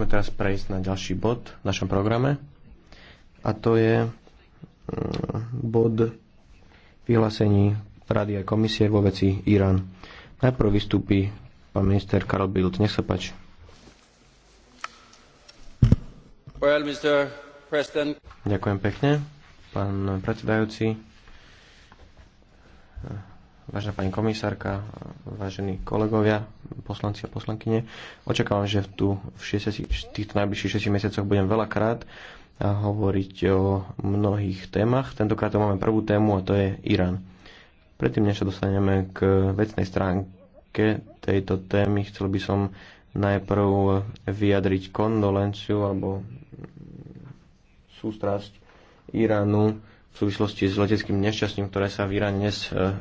Môžeme teraz prejsť na ďalší bod v našom programe a to je e, bod vyhlásení Rady a komisie vo veci Irán. Najprv vystúpi pán minister Karol Bildt. Nech sa páči. Well, Mr. President. Ďakujem pekne, pán predsedajúci vážená pani komisárka, vážení kolegovia, poslanci a poslankyne. Očakávam, že tu v, šiesi, v týchto najbližších 6 mesiacoch budem veľakrát hovoriť o mnohých témach. Tentokrát máme prvú tému a to je Irán. Predtým, než sa dostaneme k vecnej stránke tejto témy, chcel by som najprv vyjadriť kondolenciu alebo sústrasť Iránu v súvislosti s leteckým nešťastím, ktoré sa v Iráne dnes e,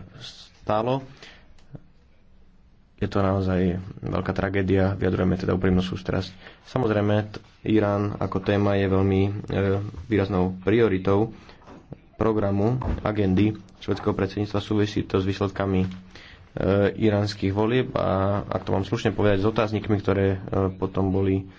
stalo. Je to naozaj veľká tragédia, vyjadrujeme teda úprimnú sústrasť. Samozrejme, Irán ako téma je veľmi e, výraznou prioritou programu, agendy švedského predsedníctva. Súvisí to s výsledkami e, iránskych volieb a ak to mám slušne povedať, s otáznikmi, ktoré e, potom boli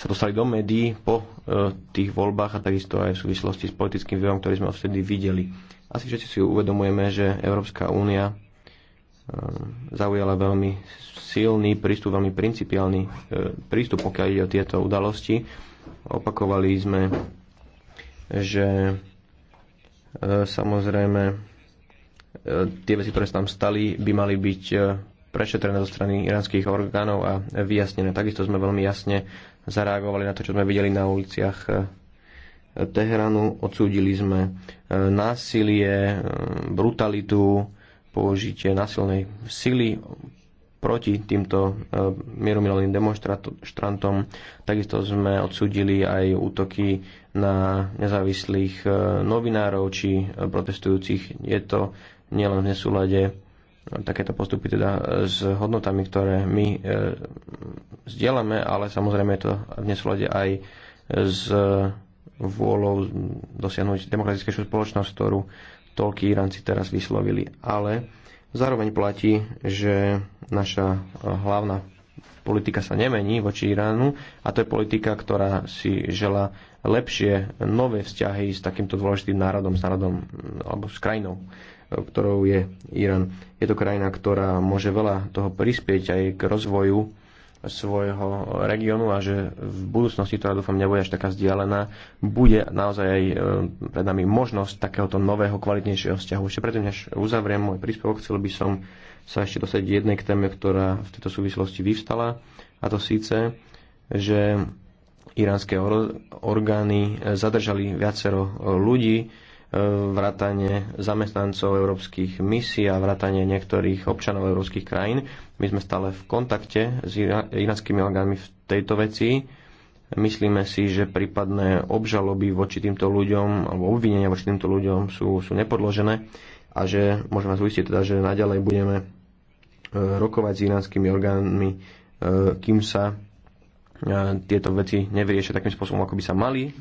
sa dostali do médií po e, tých voľbách a takisto aj v súvislosti s politickým vývojom, ktorý sme vtedy videli. Asi všetci si uvedomujeme, že Európska únia e, zaujala veľmi silný prístup, veľmi principiálny e, prístup, pokiaľ ide o tieto udalosti. Opakovali sme, že e, samozrejme tie veci, ktoré sa tam stali, by mali byť prešetrené zo strany iránskych orgánov a vyjasnené. Takisto sme veľmi jasne zareagovali na to, čo sme videli na uliciach Teheranu, odsúdili sme e, násilie, e, brutalitu, použitie násilnej sily proti týmto e, mieromilovným demonstrantom. Takisto sme odsúdili aj útoky na nezávislých novinárov či protestujúcich. Je to nielen v nesúlade takéto postupy teda s hodnotami, ktoré my e, zdieľame, ale samozrejme je to v nesúlade aj s vôľou dosiahnuť demokratickejšiu spoločnosť, ktorú toľkí Iránci teraz vyslovili. Ale zároveň platí, že naša eh, hlavná politika sa nemení voči Iránu a to je politika, ktorá si žela lepšie nové vzťahy s takýmto dôležitým národom, s národom mm, alebo s krajinou, eh, ktorou je Irán. Je to krajina, ktorá môže veľa toho prispieť aj k rozvoju svojho regiónu a že v budúcnosti, ktorá dúfam nebude až taká vzdialená, bude naozaj aj e, pred nami možnosť takéhoto nového, kvalitnejšieho vzťahu. Ešte predtým, než uzavriem môj príspevok, chcel by som sa ešte dostať jednej k téme, ktorá v tejto súvislosti vyvstala, a to síce, že iránske orgány zadržali viacero ľudí, vrátanie zamestnancov európskych misií a vrátanie niektorých občanov európskych krajín. My sme stále v kontakte s iránskymi orgánmi v tejto veci. Myslíme si, že prípadné obžaloby voči týmto ľuďom alebo obvinenia voči týmto ľuďom sú, sú nepodložené a že môžeme vás uistiť teda, že naďalej budeme e, rokovať s iránskymi orgánmi, e, kým sa e, tieto veci nevyriešia takým spôsobom, ako by sa mali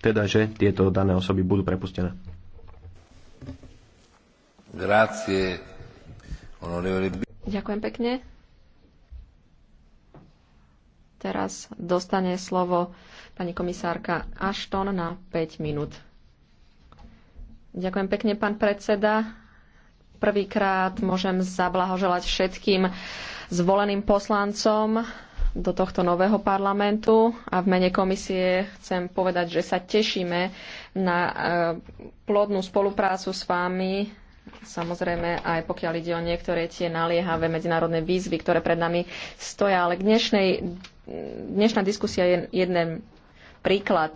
teda že tieto dané osoby budú prepustené. Grazie, onorevole. Ďakujem pekne. Teraz dostane slovo pani komisárka Ashton na 5 minút. Ďakujem pekne, pán predseda. Prvýkrát môžem zablahoželať všetkým zvoleným poslancom do tohto nového parlamentu a v mene komisie chcem povedať, že sa tešíme na e, plodnú spoluprácu s vami, samozrejme aj pokiaľ ide o niektoré tie naliehavé medzinárodné výzvy, ktoré pred nami stoja, ale dnešnej, dnešná diskusia je jeden príklad.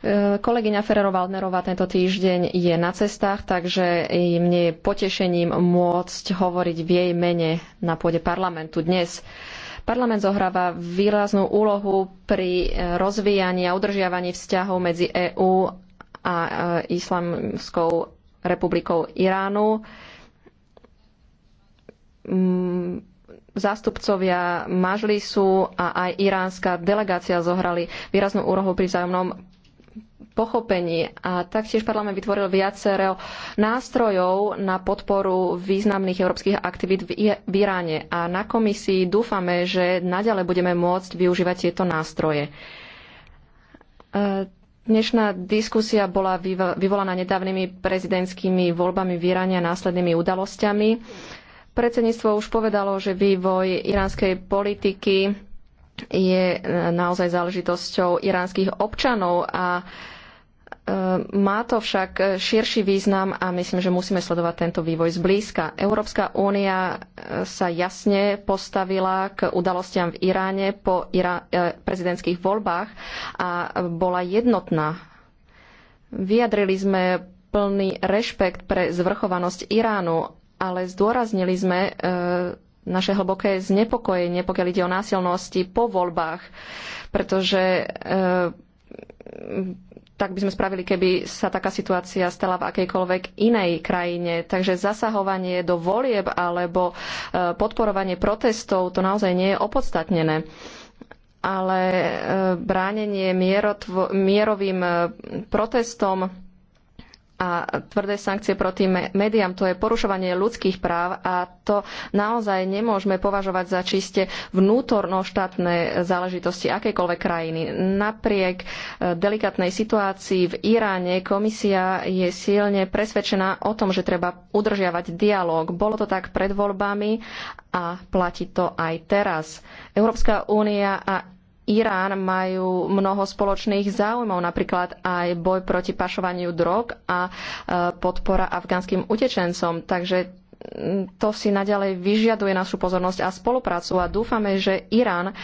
E, kolegyňa Ferrero-Waldnerová tento týždeň je na cestách, takže mne je potešením môcť hovoriť v jej mene na pôde parlamentu dnes. Uh, Parlament zohráva výraznú úlohu pri eh, rozvíjaní a udržiavaní vzťahov medzi EÚ a eh, Islamskou republikou Iránu. Mm, zástupcovia Mažlisu a aj iránska delegácia zohrali výraznú úlohu pri vzájomnom pochopení. A taktiež parlament vytvoril viacero nástrojov na podporu významných európskych aktivít v Iráne. A na komisii dúfame, že naďalej budeme môcť využívať tieto nástroje. E, dnešná diskusia bola vyvolaná nedávnymi prezidentskými voľbami v Iráne a následnými udalosťami. Predsedníctvo už povedalo, že vývoj iránskej politiky je e, naozaj záležitosťou iránskych občanov a Ehm, má to však e, širší význam a myslím, že musíme sledovať tento vývoj zblízka. Európska únia e, sa jasne postavila k udalostiam v Iráne po e, prezidentských voľbách a bola jednotná. Vyjadrili sme plný rešpekt pre zvrchovanosť Iránu, ale zdôraznili sme naše hlboké znepokojenie, pokiaľ ide o násilnosti po voľbách, pretože tak by sme spravili, keby sa taká situácia stala v akejkoľvek inej krajine. Takže zasahovanie do volieb alebo e, podporovanie protestov to naozaj nie je opodstatnené ale e, bránenie mierovým e, protestom a tvrdé sankcie proti médiám. To je porušovanie ľudských práv a to naozaj nemôžeme považovať za čiste vnútornoštátne záležitosti akejkoľvek krajiny. Napriek e, delikatnej situácii v Iráne komisia je silne presvedčená o tom, že treba udržiavať dialog. Bolo to tak pred voľbami a platí to aj teraz. Európska únia a Irán majú mnoho spoločných záujmov, napríklad aj boj proti pašovaniu drog a e, podpora afgánskym utečencom. Takže to si naďalej vyžiaduje našu pozornosť a spoluprácu a dúfame, že Irán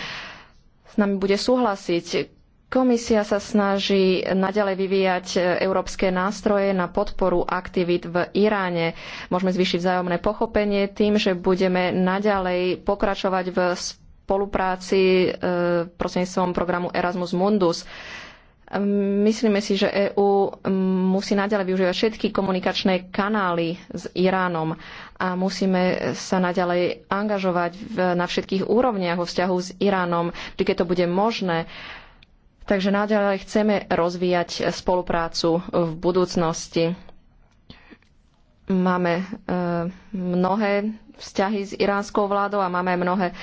s nami bude súhlasiť. Komisia sa snaží naďalej vyvíjať e, európske nástroje na podporu aktivít v Iráne. Môžeme zvýšiť vzájomné pochopenie tým, že budeme naďalej pokračovať v spolupráci e, prostredníctvom programu Erasmus Mundus. Myslíme si, že EÚ musí naďalej využívať všetky komunikačné kanály s Iránom a musíme sa naďalej angažovať na všetkých úrovniach vo vzťahu s Iránom, kde keď to bude možné. Takže naďalej chceme rozvíjať spoluprácu v budúcnosti. Máme e, mnohé vzťahy s iránskou vládou a máme mnohé e,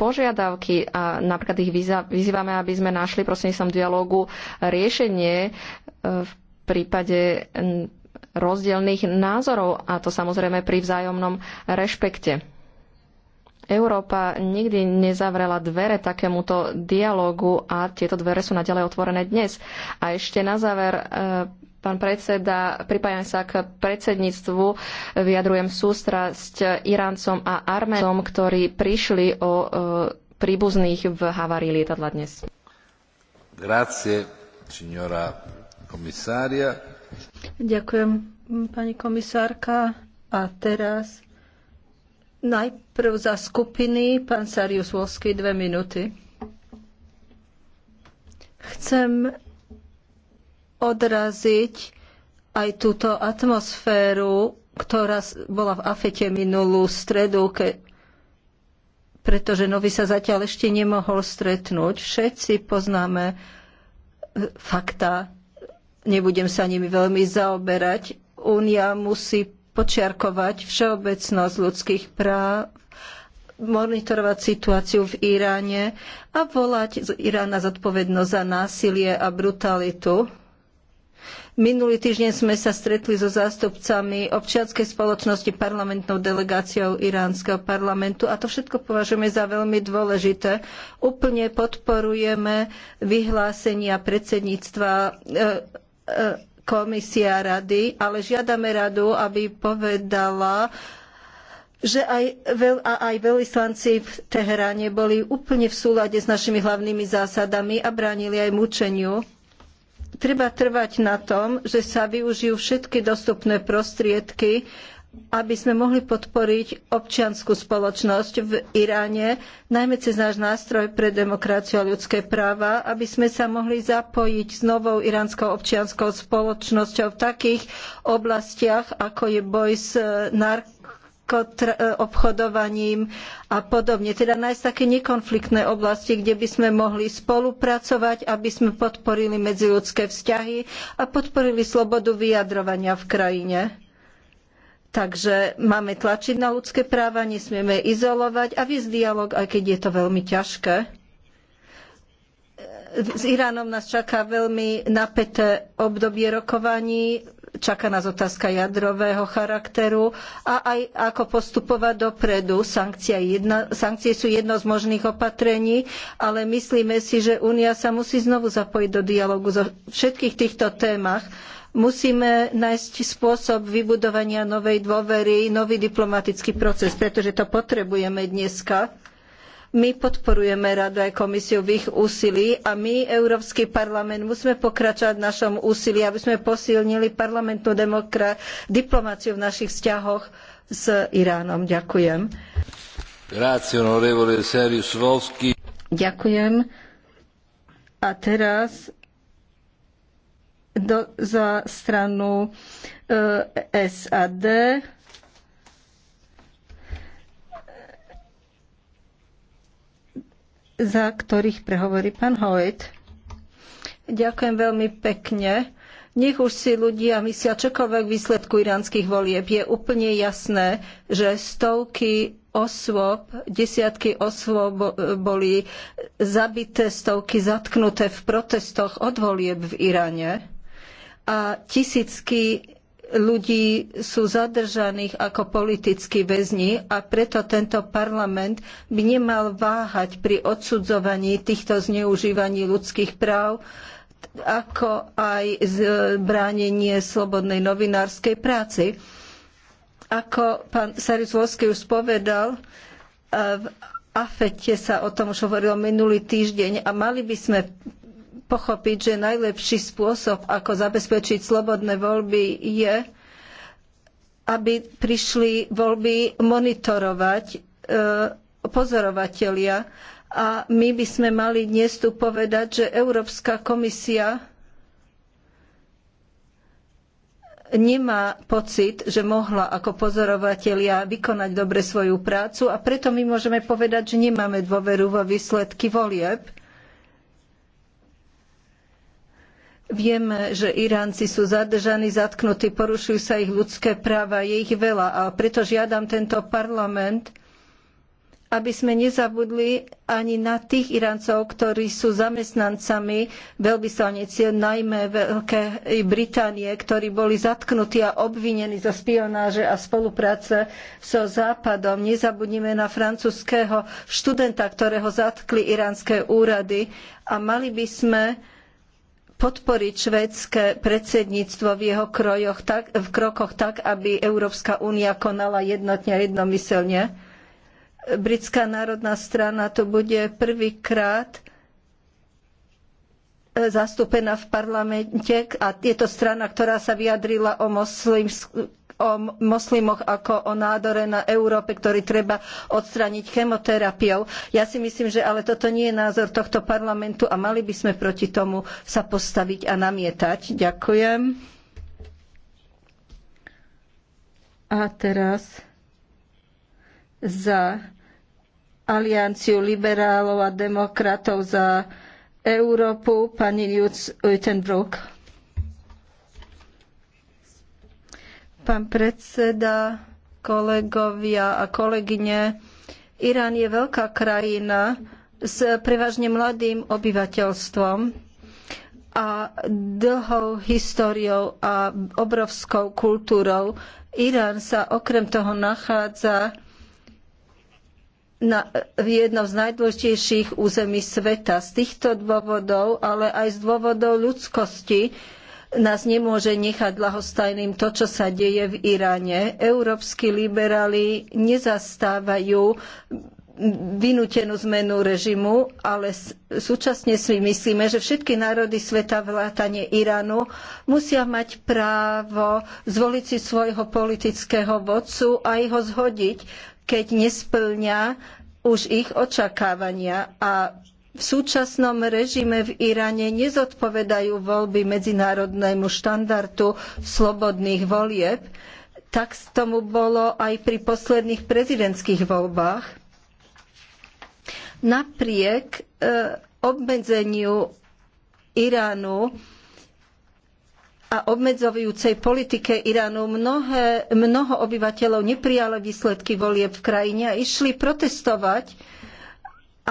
požiadavky a napríklad ich vyzývame, aby sme našli prostredníctvom dialógu riešenie e, v prípade rozdielných názorov a to samozrejme pri vzájomnom rešpekte. Európa nikdy nezavrela dvere takémuto dialogu a tieto dvere sú naďalej otvorené dnes. A ešte na záver Pán predseda, pripájam sa k predsedníctvu, vyjadrujem sústrasť Iráncom a Arménom, ktorí prišli o e, príbuzných v havárii lietadla dnes. Grazie, signora komisária. Ďakujem, pani komisárka. A teraz najprv za skupiny pán Sarius Volsky, dve minúty. Chcem odraziť aj túto atmosféru, ktorá bola v afete minulú stredu, ke, pretože Novi sa zatiaľ ešte nemohol stretnúť. Všetci poznáme e, fakta, nebudem sa nimi veľmi zaoberať. Únia musí počiarkovať všeobecnosť ľudských práv, monitorovať situáciu v Iráne a volať z Irána zodpovednosť za násilie a brutalitu. Minulý týždeň sme sa stretli so zástupcami občianskej spoločnosti parlamentnou delegáciou iránskeho parlamentu a to všetko považujeme za veľmi dôležité. Úplne podporujeme vyhlásenia predsedníctva e, e, komisia rady, ale žiadame radu, aby povedala, že aj, veľ, a aj veľvyslanci v Teheráne boli úplne v súlade s našimi hlavnými zásadami a bránili aj mučeniu. Treba trvať na tom, že sa využijú všetky dostupné prostriedky, aby sme mohli podporiť občiansku spoločnosť v Iráne, najmä cez náš nástroj pre demokraciu a ľudské práva, aby sme sa mohli zapojiť s novou iránskou občianskou spoločnosťou v takých oblastiach, ako je boj s narkotikami, E, obchodovaním a podobne. Teda nájsť také nekonfliktné oblasti, kde by sme mohli spolupracovať, aby sme podporili medziľudské vzťahy a podporili slobodu vyjadrovania v krajine. Takže máme tlačiť na ľudské práva, nesmieme izolovať a viesť dialog, aj keď je to veľmi ťažké. E, s Iránom nás čaká veľmi napäté obdobie rokovaní čaká nás otázka jadrového charakteru a aj ako postupovať dopredu. Jedna, sankcie sú jedno z možných opatrení, ale myslíme si, že Únia sa musí znovu zapojiť do dialogu vo všetkých týchto témach. Musíme nájsť spôsob vybudovania novej dôvery, nový diplomatický proces, pretože to potrebujeme dneska my podporujeme radu aj komisiu v ich úsilí a my, Európsky parlament, musíme pokračovať v našom úsilí, aby sme posilnili parlamentnú diplomaciu diplomáciu v našich vzťahoch s Iránom. Ďakujem. Ďakujem. A teraz do, za stranu e, eh, SAD za ktorých prehovorí pán Hoyt. Ďakujem veľmi pekne. Nech už si ľudia myslia čokoľvek výsledku iránskych volieb. Je úplne jasné, že stovky osôb, desiatky osôb boli zabité, stovky zatknuté v protestoch od volieb v Iráne a tisícky ľudí sú zadržaných ako politickí väzni a preto tento parlament by nemal váhať pri odsudzovaní týchto zneužívaní ľudských práv ako aj bránenie slobodnej novinárskej práci. Ako pán Sarius už povedal, eh, v AFETE sa o tom už hovorilo minulý týždeň a mali by sme pochopiť, že najlepší spôsob, ako zabezpečiť slobodné voľby, je, aby prišli voľby monitorovať e, pozorovatelia. A my by sme mali dnes tu povedať, že Európska komisia nemá pocit, že mohla ako pozorovatelia vykonať dobre svoju prácu a preto my môžeme povedať, že nemáme dôveru vo výsledky volieb. Vieme, že Iránci sú zadržaní, zatknutí, porušujú sa ich ľudské práva, je ich veľa a preto žiadam tento parlament, aby sme nezabudli ani na tých Iráncov, ktorí sú zamestnancami veľvyslanectiev, najmä Veľkej Británie, ktorí boli zatknutí a obvinení zo špionáže a spolupráce so Západom. Nezabudnime na francúzského študenta, ktorého zatkli iránske úrady a mali by sme podporiť švédske predsedníctvo v jeho krojoch, tak, v krokoch tak, aby Európska únia konala jednotne a jednomyselne. Britská národná strana to bude prvýkrát e, zastúpená v parlamente a je to strana, ktorá sa vyjadrila o moslimskom o moslimoch ako o nádore na Európe, ktorý treba odstrániť chemoterapiou. Ja si myslím, že ale toto nie je názor tohto parlamentu a mali by sme proti tomu sa postaviť a namietať. Ďakujem. A teraz za Alianciu liberálov a demokratov za Európu pani Jutz Uitenbrook. Pán predseda, kolegovia a kolegyne, Irán je veľká krajina s prevažne mladým obyvateľstvom a dlhou históriou a obrovskou kultúrou. Irán sa okrem toho nachádza na, v jednom z najdôležitejších území sveta. Z týchto dôvodov, ale aj z dôvodov ľudskosti, nás nemôže nechať ľahostajným to, čo sa deje v Iráne. Európski liberáli nezastávajú vynútenú zmenu režimu, ale súčasne si myslíme, že všetky národy sveta vrátane Iránu musia mať právo zvoliť si svojho politického vodcu a ho zhodiť, keď nesplňa už ich očakávania. A v súčasnom režime v Iráne nezodpovedajú voľby medzinárodnému štandardu slobodných volieb. Tak tomu bolo aj pri posledných prezidentských voľbách. Napriek e, obmedzeniu Iránu a obmedzujúcej politike Iránu mnohé, mnoho obyvateľov neprijalo výsledky volieb v krajine a išli protestovať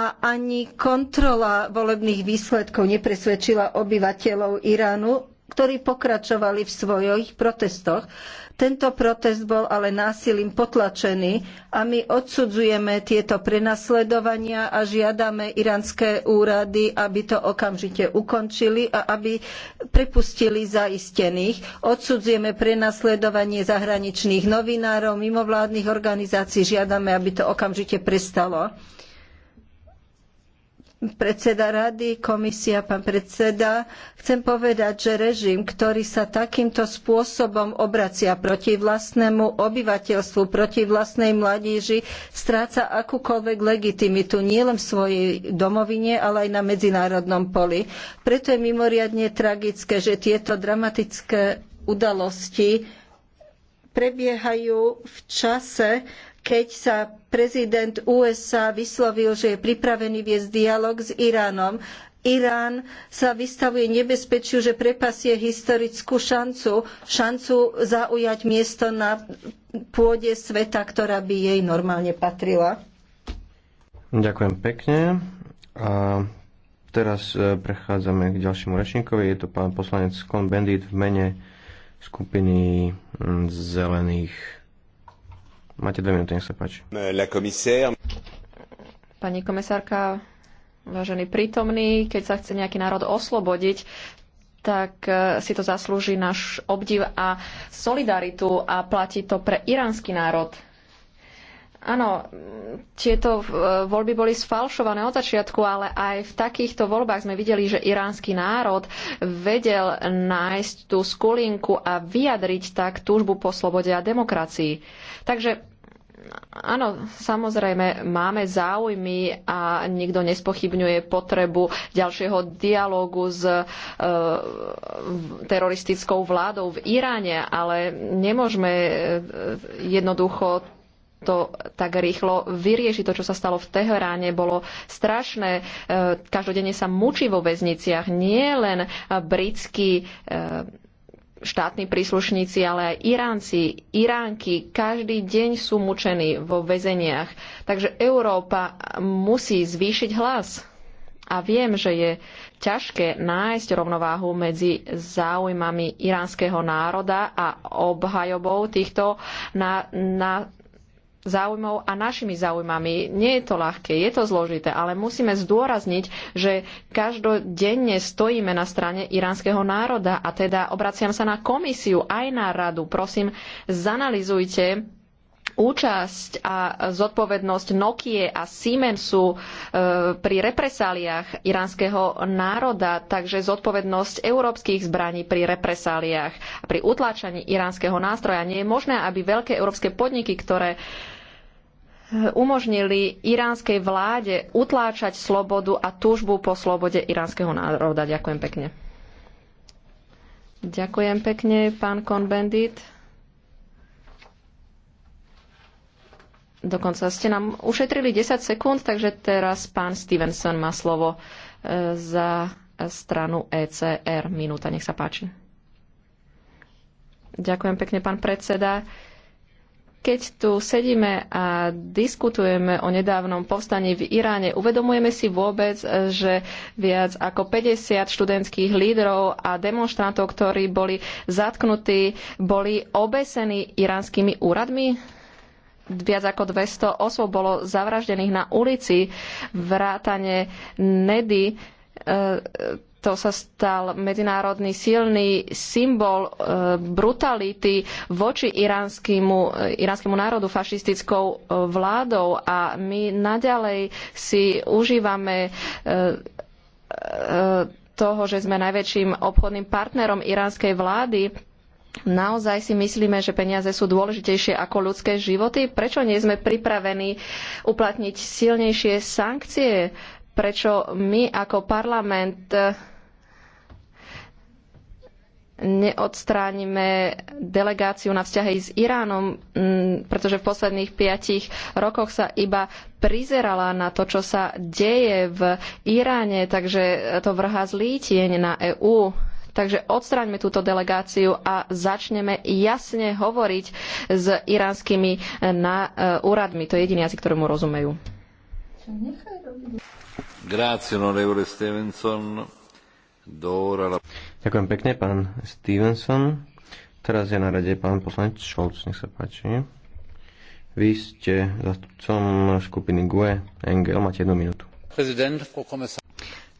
a ani kontrola volebných výsledkov nepresvedčila obyvateľov Iránu, ktorí pokračovali v svojich protestoch. Tento protest bol ale násilím potlačený a my odsudzujeme tieto prenasledovania a žiadame iránske úrady, aby to okamžite ukončili a aby prepustili zaistených. Odsudzujeme prenasledovanie zahraničných novinárov, mimovládnych organizácií, žiadame, aby to okamžite prestalo predseda rady, komisia, pán predseda. Chcem povedať, že režim, ktorý sa takýmto spôsobom obracia proti vlastnému obyvateľstvu, proti vlastnej mladíži, stráca akúkoľvek legitimitu nielen v svojej domovine, ale aj na medzinárodnom poli. Preto je mimoriadne tragické, že tieto dramatické udalosti prebiehajú v čase, keď sa prezident USA vyslovil, že je pripravený viesť dialog s Iránom. Irán sa vystavuje nebezpečiu, že prepasie historickú šancu, šancu zaujať miesto na pôde sveta, ktorá by jej normálne patrila. Ďakujem pekne. A teraz e, prechádzame k ďalšiemu rečníkovi. Je to pán poslanec Kon Bendit v mene skupiny mm, zelených. Máte dve minúty, nech sa páči. Pani komisárka, vážený prítomný, keď sa chce nejaký národ oslobodiť, tak e, si to zaslúži náš obdiv a solidaritu a platí to pre iránsky národ. Áno, tieto eh, voľby boli sfalšované od začiatku, ale aj v takýchto voľbách sme videli, že iránsky národ vedel nájsť tú skulinku a vyjadriť tak túžbu po slobode a demokracii. Takže áno, samozrejme, máme záujmy a nikto nespochybňuje potrebu ďalšieho dialógu s e, teroristickou vládou v Iráne, ale nemôžeme eh, jednoducho to tak rýchlo vyrieši. To, čo sa stalo v Teheráne, bolo strašné. E, každodenne sa mučí vo väzniciach nie len britskí e, štátni príslušníci, ale aj Iránci, Iránky každý deň sú mučení vo väzeniach. Takže Európa musí zvýšiť hlas. A viem, že je ťažké nájsť rovnováhu medzi záujmami iránskeho národa a obhajobou týchto na, na, záujmov a našimi záujmami. Nie je to ľahké, je to zložité, ale musíme zdôrazniť, že každodenne stojíme na strane iránskeho národa a teda obraciam sa na komisiu aj na radu. Prosím, zanalizujte účasť a zodpovednosť Nokie a Siemensu e, pri represáliách iránskeho národa, takže zodpovednosť európskych zbraní pri represáliách a pri utláčaní iránskeho nástroja. Nie je možné, aby veľké európske podniky, ktoré umožnili iránskej vláde utláčať slobodu a túžbu po slobode iránskeho národa. Ďakujem pekne. Ďakujem pekne, pán Konbendit. Dokonca ste nám ušetrili 10 sekúnd, takže teraz pán Stevenson má slovo e, za stranu ECR. Minúta, nech sa páči. Ďakujem pekne, pán predseda. Keď tu sedíme a diskutujeme o nedávnom povstaní v Iráne, uvedomujeme si vôbec, že viac ako 50 študentských lídrov a demonstrantov, ktorí boli zatknutí, boli obesení iránskymi úradmi? viac ako 200 osôb bolo zavraždených na ulici, vrátane Nedy. E, to sa stal medzinárodný silný symbol e, brutality voči iránskému, e, iránskému národu fašistickou e, vládou a my naďalej si užívame toho, že sme najväčším obchodným partnerom iránskej vlády. Naozaj si myslíme, že peniaze sú dôležitejšie ako ľudské životy? Prečo nie sme pripravení uplatniť silnejšie sankcie? Prečo my ako parlament neodstránime delegáciu na vzťahy s Iránom, mm, pretože v posledných piatich rokoch sa iba prizerala na to, čo sa deje v Iráne, takže to vrhá zlý tieň na EÚ. Takže odstráňme túto delegáciu a začneme jasne hovoriť s iránskymi eh, na, eh, úradmi. To je jediný jazyk, ktorému rozumejú. Grazie, onorevole Stevenson. la... Ďakujem pekne, pán Stevenson. Teraz je na rade pán poslanec Šolc, nech sa páči. Vy ste zastupcom skupiny GUE, NGL, máte jednu minútu.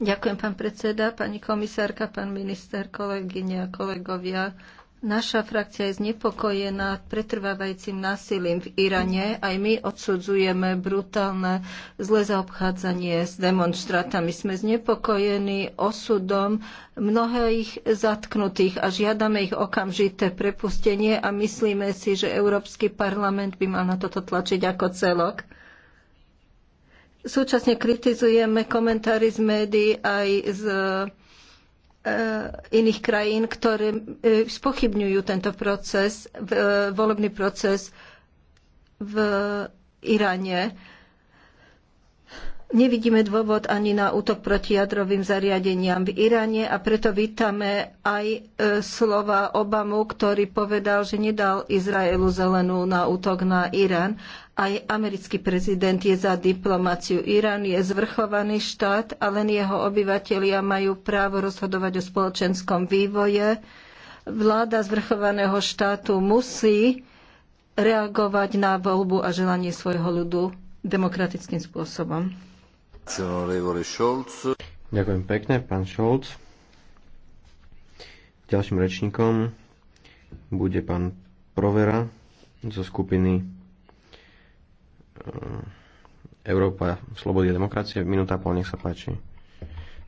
Ďakujem, pán predseda, pani komisárka, pán minister, kolegyne a kolegovia. Naša frakcia je znepokojená pretrvávajúcim násilím v Irane. Aj my odsudzujeme brutálne zlé zaobchádzanie s demonstrátami. Sme znepokojení osudom mnohých zatknutých a žiadame ich okamžité prepustenie a myslíme si, že Európsky parlament by mal na toto tlačiť ako celok. Súčasne kritizujeme komentári z médií aj z E, iných krajín, ktoré e, spochybňujú tento proces, e, volebný proces v Iráne. Nevidíme dôvod ani na útok proti jadrovým zariadeniam v Iráne a preto vítame aj slova Obamu, ktorý povedal, že nedal Izraelu zelenú na útok na Irán aj americký prezident je za diplomáciu. Irán je zvrchovaný štát a len jeho obyvatelia majú právo rozhodovať o spoločenskom vývoje. Vláda zvrchovaného štátu musí reagovať na voľbu a želanie svojho ľudu demokratickým spôsobom. Ďakujem pekne, pán Scholz. Ďalším rečníkom bude pán Provera zo skupiny E, Európa slobody a demokracie. Minúta pol, nech sa páči.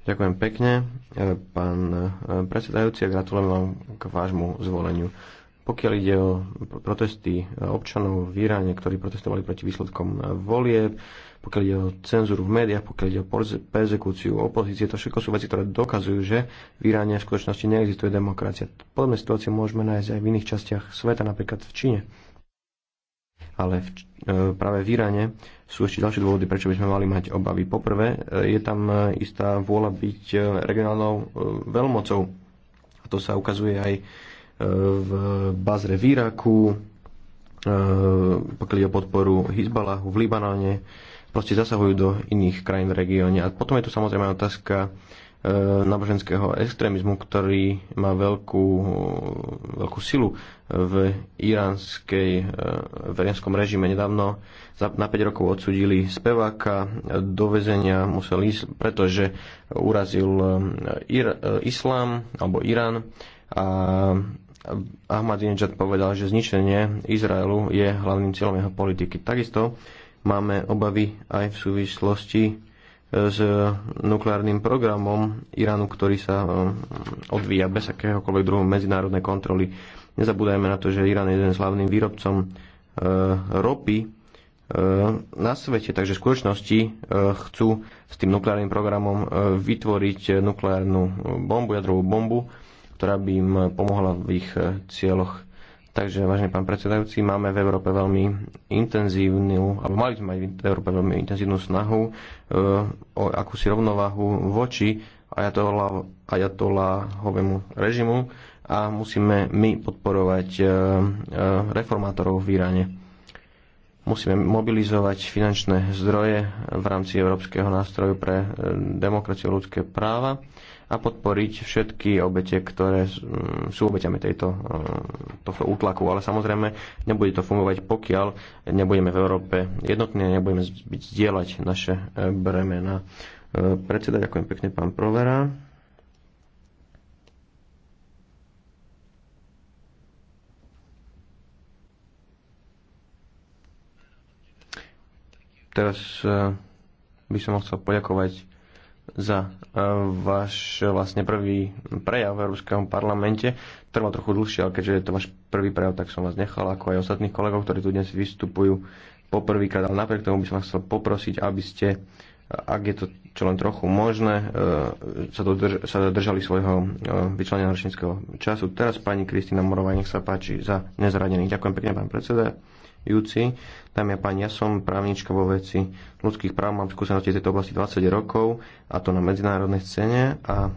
Ďakujem pekne, e, pán e, predsedajúci, a gratulujem vám k vášmu zvoleniu. Pokiaľ ide o protesty občanov v Iráne, ktorí protestovali proti výsledkom volieb, pokiaľ ide o cenzúru v médiách, pokiaľ ide o persekúciu opozície, to všetko sú veci, ktoré dokazujú, že v Iráne v skutočnosti neexistuje demokracia. Podobné situácie môžeme nájsť aj v iných častiach sveta, napríklad v Číne ale v, e, práve v Iráne sú ešte ďalšie dôvody, prečo by sme mali mať obavy. Poprvé, e, je tam e, istá vôľa byť regionálnou veľmocou. A to sa ukazuje aj v Bazre v Iraku, pokiaľ ide o podporu Hizbalahu v Libanone, proste zasahujú do iných krajín v regióne. A potom je tu samozrejme otázka E, náboženského extrémizmu, ktorý má veľkú, veľkú silu v iránskej, e, v režime. Nedávno za, na 5 rokov odsudili speváka, do vezenia musel ísť, pretože urazil e, ir, islám alebo Irán a Ahmadinejad povedal, že zničenie Izraelu je hlavným cieľom jeho politiky. Takisto máme obavy aj v súvislosti s nukleárnym programom Iránu, ktorý sa e, odvíja bez akéhokoľvek druhu medzinárodnej kontroly. Nezabúdajme na to, že Irán je jeden z hlavným výrobcom e, ropy e, na svete, takže v skutočnosti chcú s tým nukleárnym programom vytvoriť nukleárnu bombu, jadrovú bombu, ktorá by im pomohla v ich cieľoch. Takže, vážený pán predsedajúci, máme v Európe veľmi intenzívnu, alebo mali sme mať v Európe veľmi intenzívnu snahu e, o akúsi rovnováhu voči ajatola, ajatolahovému režimu a musíme my podporovať e, e, reformátorov v Iráne. Musíme mobilizovať finančné zdroje v rámci Európskeho nástroju pre demokraciu a ľudské práva a podporiť všetky obete, ktoré mm, sú obeťami tejto, eh, tohto útlaku. Ale samozrejme, nebude to fungovať, pokiaľ nebudeme v Európe jednotní a nebudeme zdieľať naše eh, bremena. Eh, predseda, ďakujem pekne, pán Provera. Teraz by som chcel poďakovať za e, váš e, vlastne prvý prejav v Európskom parlamente. Trval trochu dlhšie, ale keďže je to váš prvý prejav, tak som vás nechal, ako aj ostatných kolegov, ktorí tu dnes vystupujú poprvýkrát, ale napriek tomu by som vás chcel poprosiť, aby ste, e, ak je to čo len trochu možné, sa, dodrž- sa držali svojho vyčlenia ročníckého času. Teraz pani Kristýna Morová, nech sa páči za nezradených. Ďakujem pekne, pán predseda. Júci. Dámy a páni, ja som právnička vo veci ľudských práv, mám skúsenosti z tejto oblasti 20 rokov a to na medzinárodnej scéne a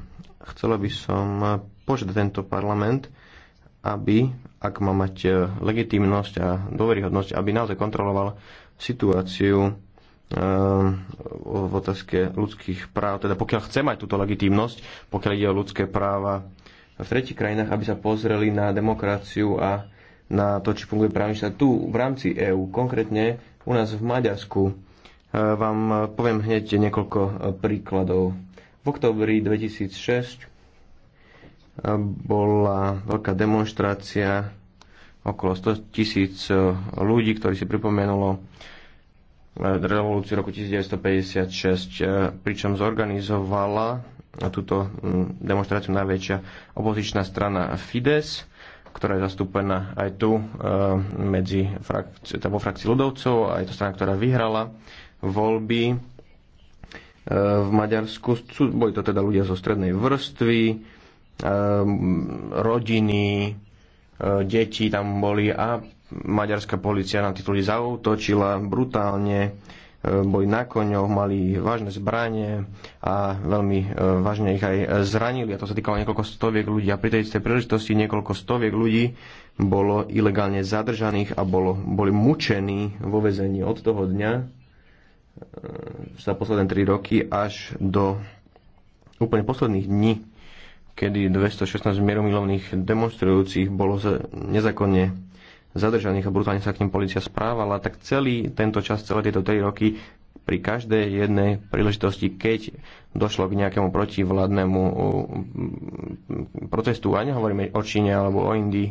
chcela by som požiadať tento parlament, aby, ak má mať e, legitimnosť a dôveryhodnosť, aby naozaj kontroloval situáciu e, v otázke ľudských práv, teda pokiaľ chce mať túto legitimnosť, pokiaľ ide o ľudské práva v tretich krajinách, aby sa pozreli na demokraciu a na to, či funguje právny štát tu v rámci EÚ, konkrétne u nás v Maďarsku. E, vám poviem hneď niekoľko e, príkladov. V oktobri 2006 e, bola veľká demonstrácia okolo 100 tisíc ľudí, ktorí si pripomenulo revolúciu roku 1956, pričom zorganizovala túto mm, demonstráciu najväčšia opozičná strana Fides ktorá je zastúpená aj tu e, medzi frakci- vo frakcii ľudovcov a je to strana, ktorá vyhrala voľby e, v Maďarsku. Boli to teda ľudia zo strednej vrstvy, e, rodiny, deti tam boli a maďarská policia na tých ľudí zautočila brutálne boli na koňoch, mali vážne zbranie a veľmi e, vážne ich aj zranili. A to sa týkalo niekoľko stoviek ľudí. A pri tej istej príležitosti niekoľko stoviek ľudí bolo ilegálne zadržaných a bolo, boli mučení vo vezení od toho dňa e, za posledné 3 roky až do úplne posledných dní, kedy 216 mieromilovných demonstrujúcich bolo nezákonne zadržaných a brutálne sa k ním policia správala, tak celý tento čas, celé tieto 3 roky pri každej jednej príležitosti, keď došlo k nejakému protivládnemu uh, protestu, a nehovoríme o Číne alebo o Indii,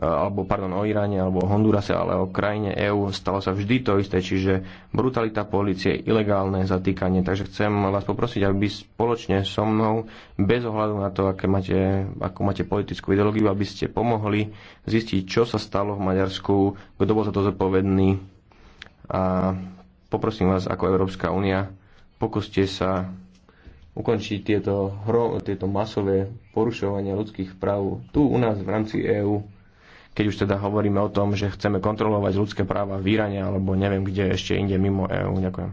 E, alebo pardon, o Iráne alebo o Hondurase, ale o krajine EÚ stalo sa vždy to isté, čiže brutalita policie, ilegálne zatýkanie. Takže chcem vás poprosiť, aby spoločne so mnou, bez ohľadu na to, aké máte, akú máte politickú ideológiu, aby ste pomohli zistiť, čo sa stalo v Maďarsku, kto bol za to zodpovedný. A poprosím vás ako Európska únia, pokúste sa ukončiť tieto, hro, tieto masové porušovania ľudských práv tu u nás v rámci EÚ keď už teda hovoríme o tom, že chceme kontrolovať ľudské práva v Iráne alebo neviem kde ešte inde mimo EÚ. Ďakujem.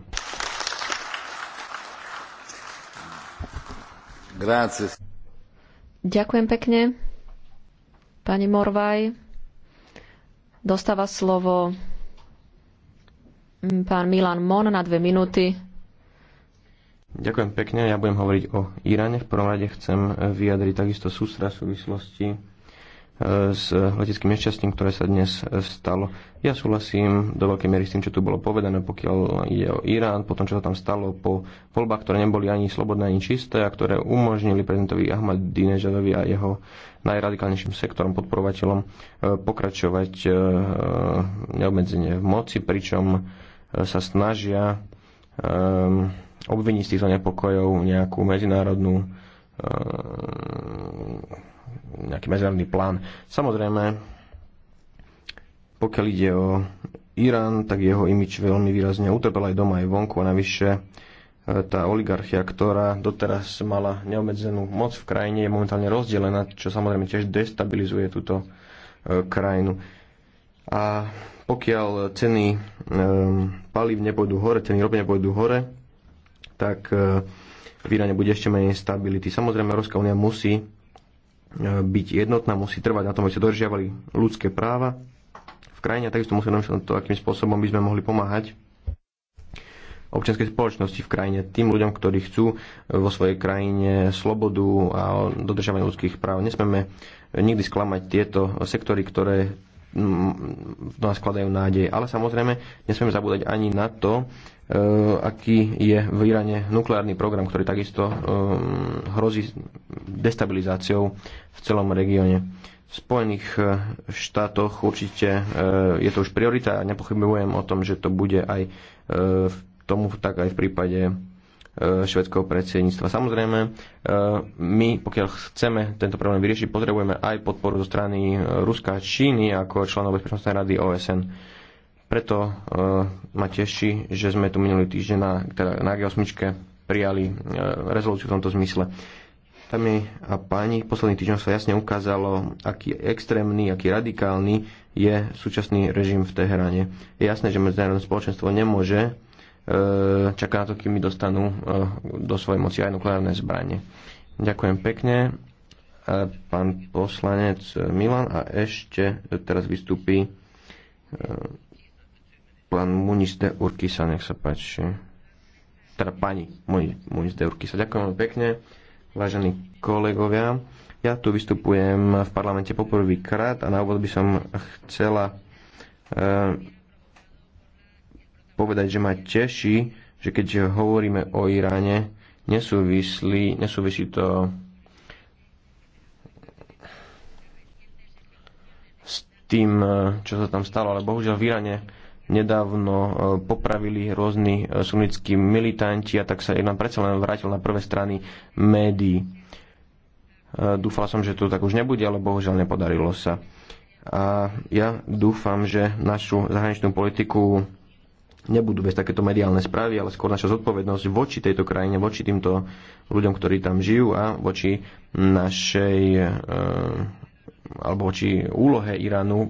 Grazie. Ďakujem pekne. Pani Morvaj, dostáva slovo pán Milan Mon na dve minúty. Ďakujem pekne. Ja budem hovoriť o Iráne. V prvom rade chcem vyjadriť takisto sústra v súvislosti s leteckým nešťastím, ktoré sa dnes e, stalo. Ja súhlasím do veľkej miery s tým, čo tu bolo povedané, pokiaľ ide o Irán, potom čo sa tam stalo po voľbách, ktoré neboli ani slobodné, ani čisté a ktoré umožnili prezidentovi Ahmadinejadovi a jeho najradikálnejším sektorom, podporovateľom e, pokračovať e, neobmedzenie v moci, pričom sa snažia obviniť z týchto nepokojov nejakú medzinárodnú nejaký medzinárodný plán. Samozrejme, pokiaľ ide o Irán, tak jeho imič veľmi výrazne utrpel aj doma, aj vonku a navyše e, tá oligarchia, ktorá doteraz mala neobmedzenú moc v krajine, je momentálne rozdelená, čo samozrejme tiež destabilizuje túto e, krajinu. A pokiaľ ceny e, palív nepôjdu hore, ceny ropy nepôjdu hore, tak v Iráne bude ešte menej stability. Samozrejme, Európska únia musí byť jednotná, musí trvať na tom, aby sa dodržiavali ľudské práva v krajine a takisto musíme na to, akým spôsobom by sme mohli pomáhať občianskej spoločnosti v krajine, tým ľuďom, ktorí chcú vo svojej krajine slobodu a dodržiavanie ľudských práv. Nesmeme nikdy sklamať tieto sektory, ktoré v mm, nás skladajú nádej. Ale samozrejme, nesmieme zabúdať ani na to, e, aký je v Iráne nukleárny program, ktorý takisto e, hrozí destabilizáciou v celom regióne. V Spojených e, štátoch určite je to už priorita a nepochybujem o tom, že to bude aj v tomu tak aj v prípade E, švedského predsedníctva. Samozrejme, e, my, pokiaľ chceme tento problém vyriešiť, potrebujeme aj podporu zo strany e, Ruska a Číny ako členov Bezpečnostnej rady OSN. Preto ma teší, že sme tu minulý týždeň na, teda na G8 prijali rezolúciu v tomto zmysle. Tam je a páni, posledný týždeň sa jasne ukázalo, aký extrémny, aký radikálny je súčasný režim v Teheráne. Je jasné, že medzinárodné spoločenstvo nemôže E, čaká na to, kým mi dostanú e, do svojej moci aj nukleárne zbranie. Ďakujem pekne. E, pán poslanec Milan a ešte teraz vystúpi pán Muniste Urkisa, nech sa páči. Teda pani Muniste Urkisa. Ďakujem pekne, vážení kolegovia. Ja tu vystupujem v parlamente poprvýkrát a na úvod by som chcela povedať, že ma teší, že keď hovoríme o Iráne, nesúvislí, nesúvisí to s tým, eh, čo sa tam stalo, ale bohužiaľ v Iráne nedávno eh, popravili rôzni eh, sunnickí militanti a tak sa Irán predsa len vrátil na prvé strany médií. Dúfal som, že to tak už nebude, ale bohužiaľ nepodarilo sa. A ja dúfam, že našu zahraničnú politiku nebudú bez takéto mediálne správy, ale skôr naša zodpovednosť voči tejto krajine, voči týmto ľuďom, ktorí tam žijú a voči našej e, alebo voči úlohe Iránu e,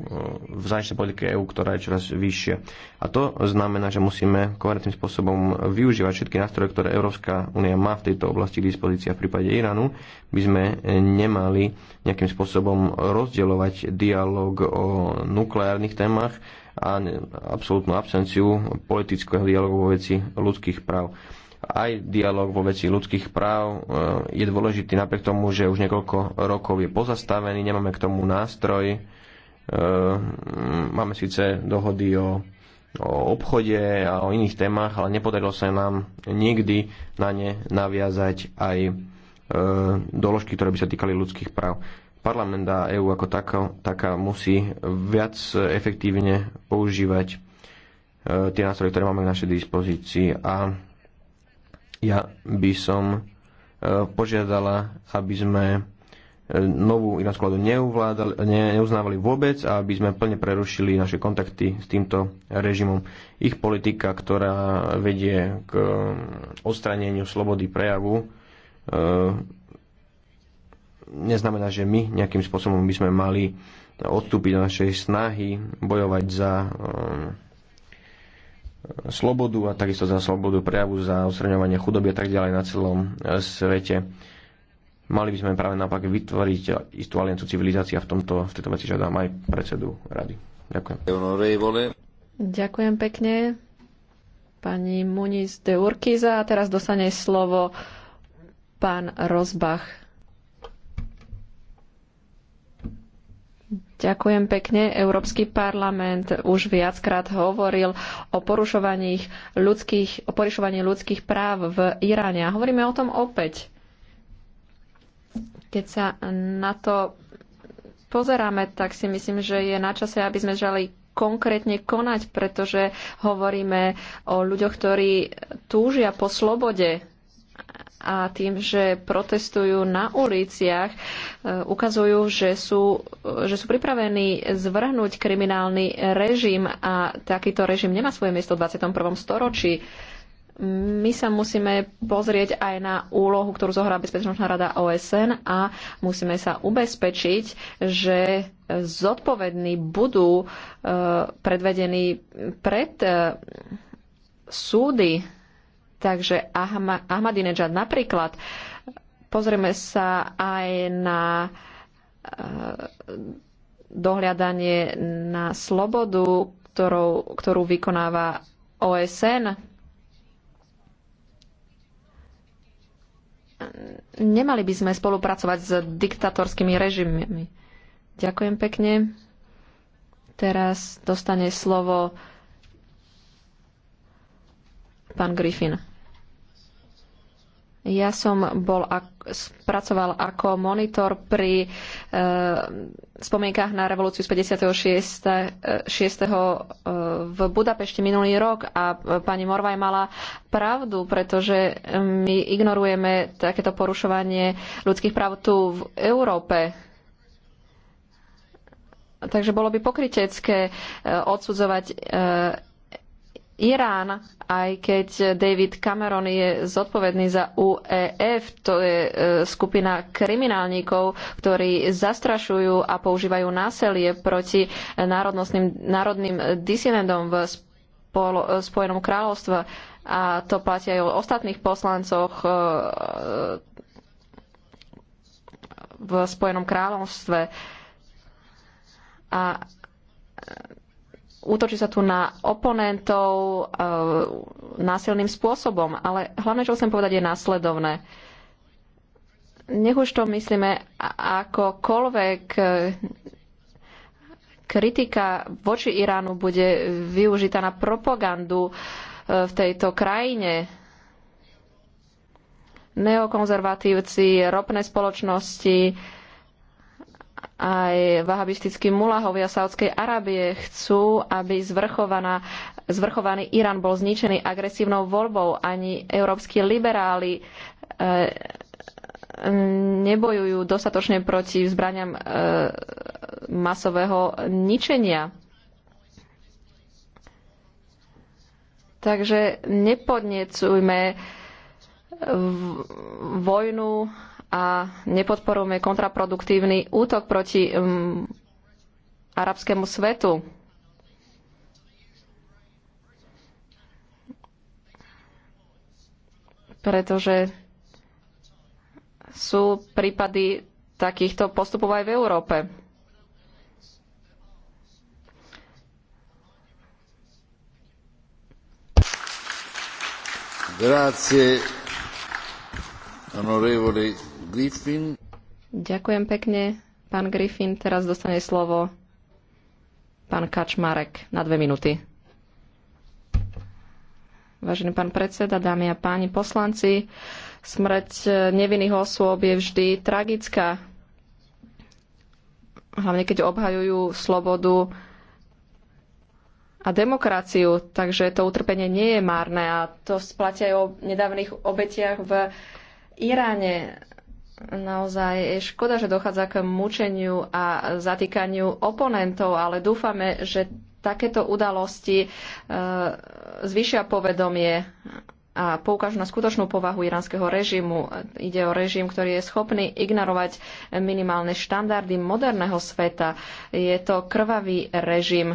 v zahraničnej politike EÚ, ktorá je čoraz vyššia. A to znamená, že musíme koherentným spôsobom využívať všetky nástroje, ktoré Európska únia má v tejto oblasti k dispozícii. V prípade Iránu by sme nemali nejakým spôsobom rozdielovať dialog o nukleárnych témach a absolútnu absenciu politického dialogu vo veci ľudských práv. Aj dialog vo veci ľudských práv eh, je dôležitý napriek tomu, že už niekoľko rokov je pozastavený, nemáme k tomu nástroj. Eh, máme síce dohody o, o obchode a o iných témach, ale nepodarilo sa nám nikdy na ne naviazať aj eh, doložky, ktoré by sa týkali ľudských práv parlament a EÚ ako taká, taká musí viac efektívne používať e, tie nástroje, ktoré máme k našej dispozícii. A ja by som e, požiadala, aby sme e, novú vládu ne, neuznávali vôbec a aby sme plne prerušili naše kontakty s týmto režimom. Ich politika, ktorá vedie k odstraneniu slobody prejavu, neznamená, že my nejakým spôsobom by sme mali odstúpiť do našej snahy bojovať za um, slobodu a takisto za slobodu prejavu, za osreňovanie chudoby a tak ďalej na celom e, svete. Mali by sme práve naopak vytvoriť istú aliancu civilizácia v, tomto, v tejto veci žiadam aj predsedu rady. Ďakujem. Ďakujem pekne pani Muniz de Urkiza a teraz dostane slovo pán Rozbach. Ďakujem pekne. Európsky parlament už viackrát hovoril o, porušovaní ľudských, o porušovaní ľudských práv v Iráne. A hovoríme o tom opäť. Keď sa na to pozeráme, tak si myslím, že je na čase, aby sme žali konkrétne konať, pretože hovoríme o ľuďoch, ktorí túžia po slobode a tým, že protestujú na uliciach, e, ukazujú, že sú, že sú pripravení zvrhnúť kriminálny režim a takýto režim nemá svoje miesto v 21. storočí. My sa musíme pozrieť aj na úlohu, ktorú zohrá Bezpečnostná rada OSN a musíme sa ubezpečiť, že zodpovední budú e, predvedení pred e, súdy Takže Ahmadinejad napríklad. Pozrieme sa aj na eh, dohľadanie na slobodu, ktorou, ktorú vykonáva OSN. Nemali by sme spolupracovať s diktatorskými režimmi. Ďakujem pekne. Teraz dostane slovo pán Griffin. Ja som bol, ak, pracoval ako monitor pri e, spomienkach na revolúciu z 56. 6. E, e, v Budapešti minulý rok a pani Morvaj mala pravdu, pretože my ignorujeme takéto porušovanie ľudských práv tu v Európe. Takže bolo by pokrytecké e, odsudzovať Irán, aj keď David Cameron je zodpovedný za UEF, to je e, skupina kriminálníkov, ktorí zastrašujú a používajú násilie proti národným disidentom v Spojenom kráľovstve. A to platí aj o ostatných poslancoch e, v Spojenom kráľovstve. A útočí sa tu na oponentov eh, násilným spôsobom. Ale hlavne, čo chcem povedať, je následovné. Nech už to myslíme akokoľvek eh, kritika voči Iránu bude využitá na propagandu eh, v tejto krajine. Neokonzervatívci, ropné spoločnosti, aj vahabistickí mulahovia Saudskej Arábie chcú, aby zvrchovaná, zvrchovaný Irán bol zničený agresívnou voľbou. Ani európsky liberáli e, nebojujú dostatočne proti zbraniam e, masového ničenia. Takže nepodnecujme vojnu a nepodporujme kontraproduktívny útok proti um, arabskému svetu. Pretože sú prípady takýchto postupov aj v Európe. Grazie, onorevoli Griffin. Ďakujem pekne. Pán Griffin, teraz dostane slovo pán Kačmarek na dve minúty. Vážený pán predseda, dámy a páni poslanci, smrť nevinných osôb je vždy tragická. Hlavne keď obhajujú slobodu a demokraciu, takže to utrpenie nie je márne a to splatia aj o nedávnych obetiach v Iráne Naozaj je škoda, že dochádza k mučeniu a zatýkaniu oponentov, ale dúfame, že takéto udalosti e, zvyšia povedomie a poukážu na skutočnú povahu iránskeho režimu. Ide o režim, ktorý je schopný ignorovať minimálne štandardy moderného sveta. Je to krvavý režim,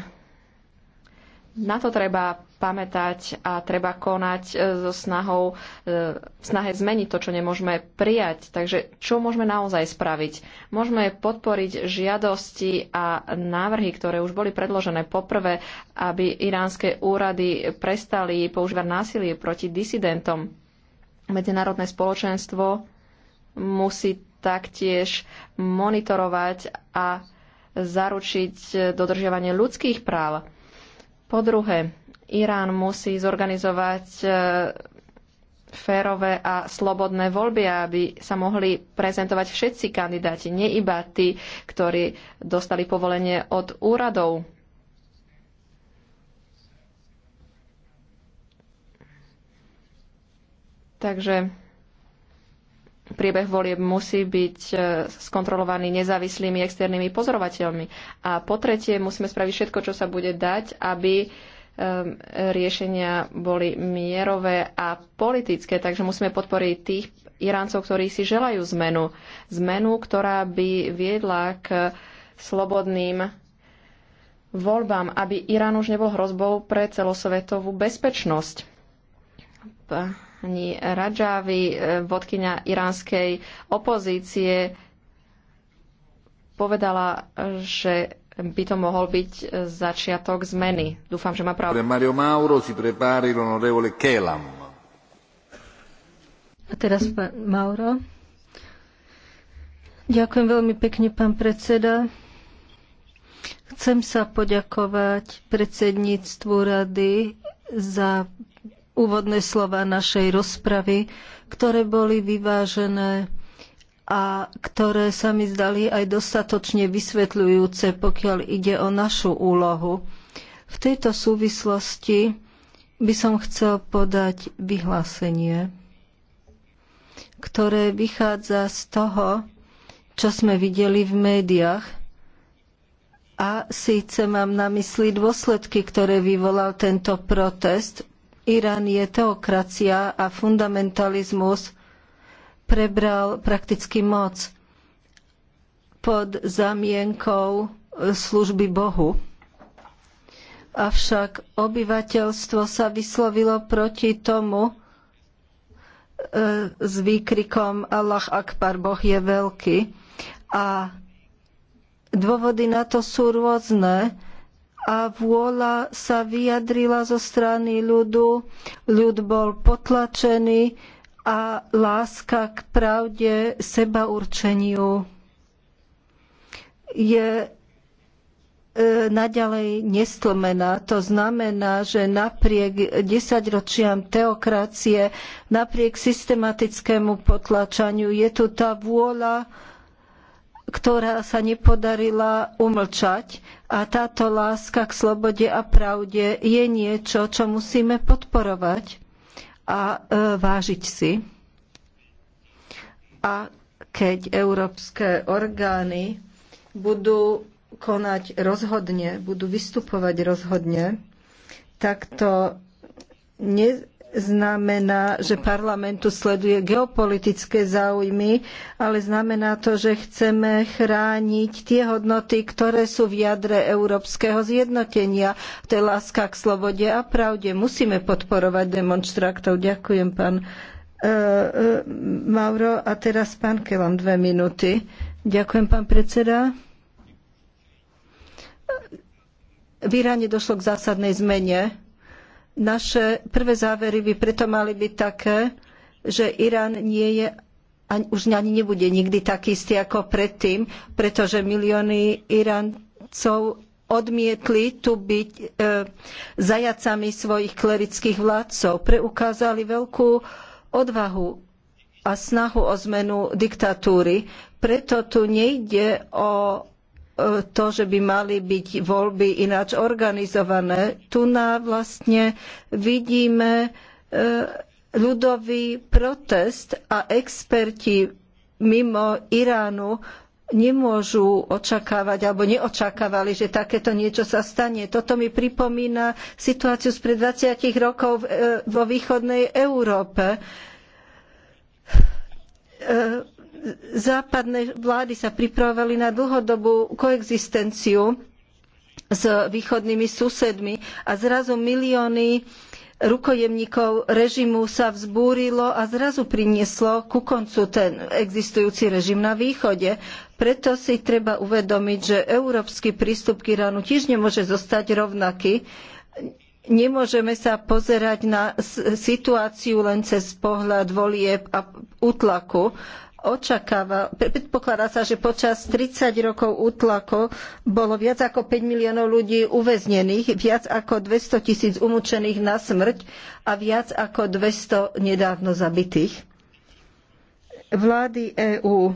na to treba pamätať a treba konať e, so snahou, e, v snahe zmeniť to, čo nemôžeme prijať. Takže čo môžeme naozaj spraviť? Môžeme podporiť žiadosti a návrhy, ktoré už boli predložené poprvé, aby iránske úrady prestali používať násilie proti disidentom. Medzinárodné spoločenstvo musí taktiež monitorovať a zaručiť dodržiavanie ľudských práv po druhé, Irán musí zorganizovať e, férové a slobodné voľby, aby sa mohli prezentovať všetci kandidáti, nie iba tí, ktorí dostali povolenie od úradov. Takže priebeh volieb musí byť e, skontrolovaný nezávislými externými pozorovateľmi. A po tretie, musíme spraviť všetko, čo sa bude dať, aby e, riešenia boli mierové a politické, takže musíme podporiť tých Iráncov, ktorí si želajú zmenu. Zmenu, ktorá by viedla k slobodným voľbám, aby Irán už nebol hrozbou pre celosvetovú bezpečnosť pani Rajavi, e, vodkynia iránskej opozície, povedala, že by to mohol byť začiatok zmeny. Dúfam, že má pravdu. Mario Mauro si prepári l'onorevole Kelam. A teraz pán Mauro. Ďakujem veľmi pekne, pán predseda. Chcem sa poďakovať predsedníctvu rady za úvodné slova našej rozpravy, ktoré boli vyvážené a ktoré sa mi zdali aj dostatočne vysvetľujúce, pokiaľ ide o našu úlohu. V tejto súvislosti by som chcel podať vyhlásenie, ktoré vychádza z toho, čo sme videli v médiách. A síce mám na mysli dôsledky, ktoré vyvolal tento protest Irán je teokracia a fundamentalizmus prebral prakticky moc pod zamienkou služby Bohu. Avšak obyvateľstvo sa vyslovilo proti tomu e, s výkrikom Allah Akbar, Boh je veľký. A dôvody na to sú rôzne a vôľa sa vyjadrila zo strany ľudu, ľud bol potlačený a láska k pravde, seba určeniu je e, naďalej nestlmená. To znamená, že napriek desaťročiam teokracie, napriek systematickému potlačaniu je tu tá vôľa ktorá sa nepodarila umlčať. A táto láska k slobode a pravde je niečo, čo musíme podporovať a e, vážiť si. A keď európske orgány budú konať rozhodne, budú vystupovať rozhodne, tak to ne, znamená, že parlamentu sleduje geopolitické záujmy, ale znamená to, že chceme chrániť tie hodnoty, ktoré sú v jadre európskeho zjednotenia. To je láska k slobode a pravde. Musíme podporovať demonštraktov. Ďakujem, pán e, e, Mauro. A teraz pán Kelam, dve minúty. Ďakujem, pán predseda. V Iráne došlo k zásadnej zmene naše prvé závery by preto mali byť také, že Irán nie je a už ani nebude nikdy taký istý ako predtým, pretože milióny Iráncov odmietli tu byť e, zajacami svojich klerických vládcov. Preukázali veľkú odvahu a snahu o zmenu diktatúry. Preto tu nejde o E, to, že by mali byť voľby ináč organizované. Tu na vlastne vidíme e, ľudový protest a experti mimo Iránu nemôžu očakávať alebo neočakávali, že takéto niečo sa stane. Toto mi pripomína situáciu spred 20 rokov e, vo východnej Európe západné vlády sa pripravovali na dlhodobú koexistenciu s východnými susedmi a zrazu milióny rukojemníkov režimu sa vzbúrilo a zrazu prinieslo ku koncu ten existujúci režim na východe. Preto si treba uvedomiť, že európsky prístup k Iránu tiež nemôže zostať rovnaký. Nemôžeme sa pozerať na situáciu len cez pohľad volieb a útlaku. Očakáva, predpokladá sa, že počas 30 rokov útlaku bolo viac ako 5 miliónov ľudí uväznených, viac ako 200 tisíc umúčených na smrť a viac ako 200 nedávno zabitých. Vlády EÚ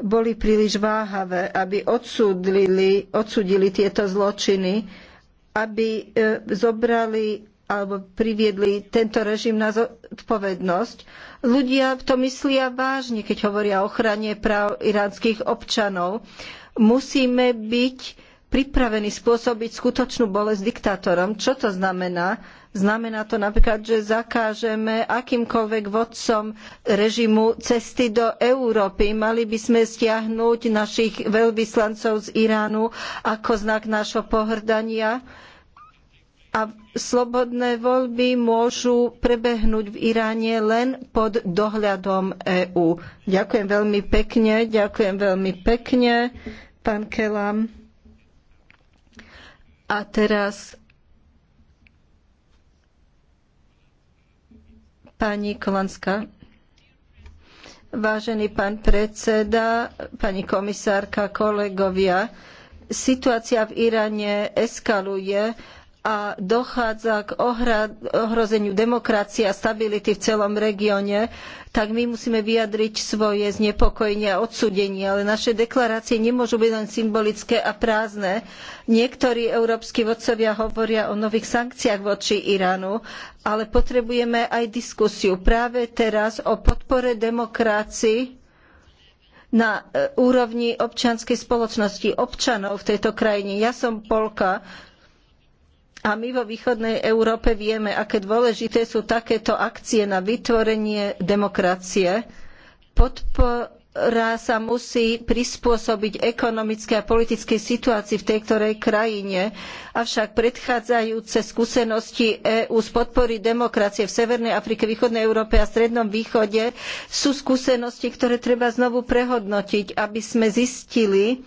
boli príliš váhavé, aby odsudili odsúdili tieto zločiny, aby e, zobrali alebo priviedli tento režim na zodpovednosť. Ľudia to myslia vážne, keď hovoria o ochrane práv iránskych občanov. Musíme byť pripravení spôsobiť skutočnú bolesť diktátorom. Čo to znamená? Znamená to napríklad, že zakážeme akýmkoľvek vodcom režimu cesty do Európy. Mali by sme stiahnuť našich veľvyslancov z Iránu ako znak nášho pohrdania a slobodné voľby môžu prebehnúť v Iráne len pod dohľadom EÚ. Ďakujem veľmi pekne, ďakujem veľmi pekne, pán Kelam. A teraz pani Kolanská. Vážený pán predseda, pani komisárka, kolegovia, situácia v Iráne eskaluje a dochádza k ohrozeniu demokracie a stability v celom regióne, tak my musíme vyjadriť svoje znepokojenie a odsúdenie. Ale naše deklarácie nemôžu byť len symbolické a prázdne. Niektorí európski vodcovia hovoria o nových sankciách voči Iránu, ale potrebujeme aj diskusiu práve teraz o podpore demokracii na e, úrovni občianskej spoločnosti občanov v tejto krajine. Ja som Polka, a my vo východnej Európe vieme, aké dôležité sú takéto akcie na vytvorenie demokracie. Podpora sa musí prispôsobiť ekonomickej a politickej situácii v tej ktorej krajine. Avšak predchádzajúce skúsenosti EÚ z podpory demokracie v Severnej Afrike, Východnej Európe a Strednom východe sú skúsenosti, ktoré treba znovu prehodnotiť, aby sme zistili,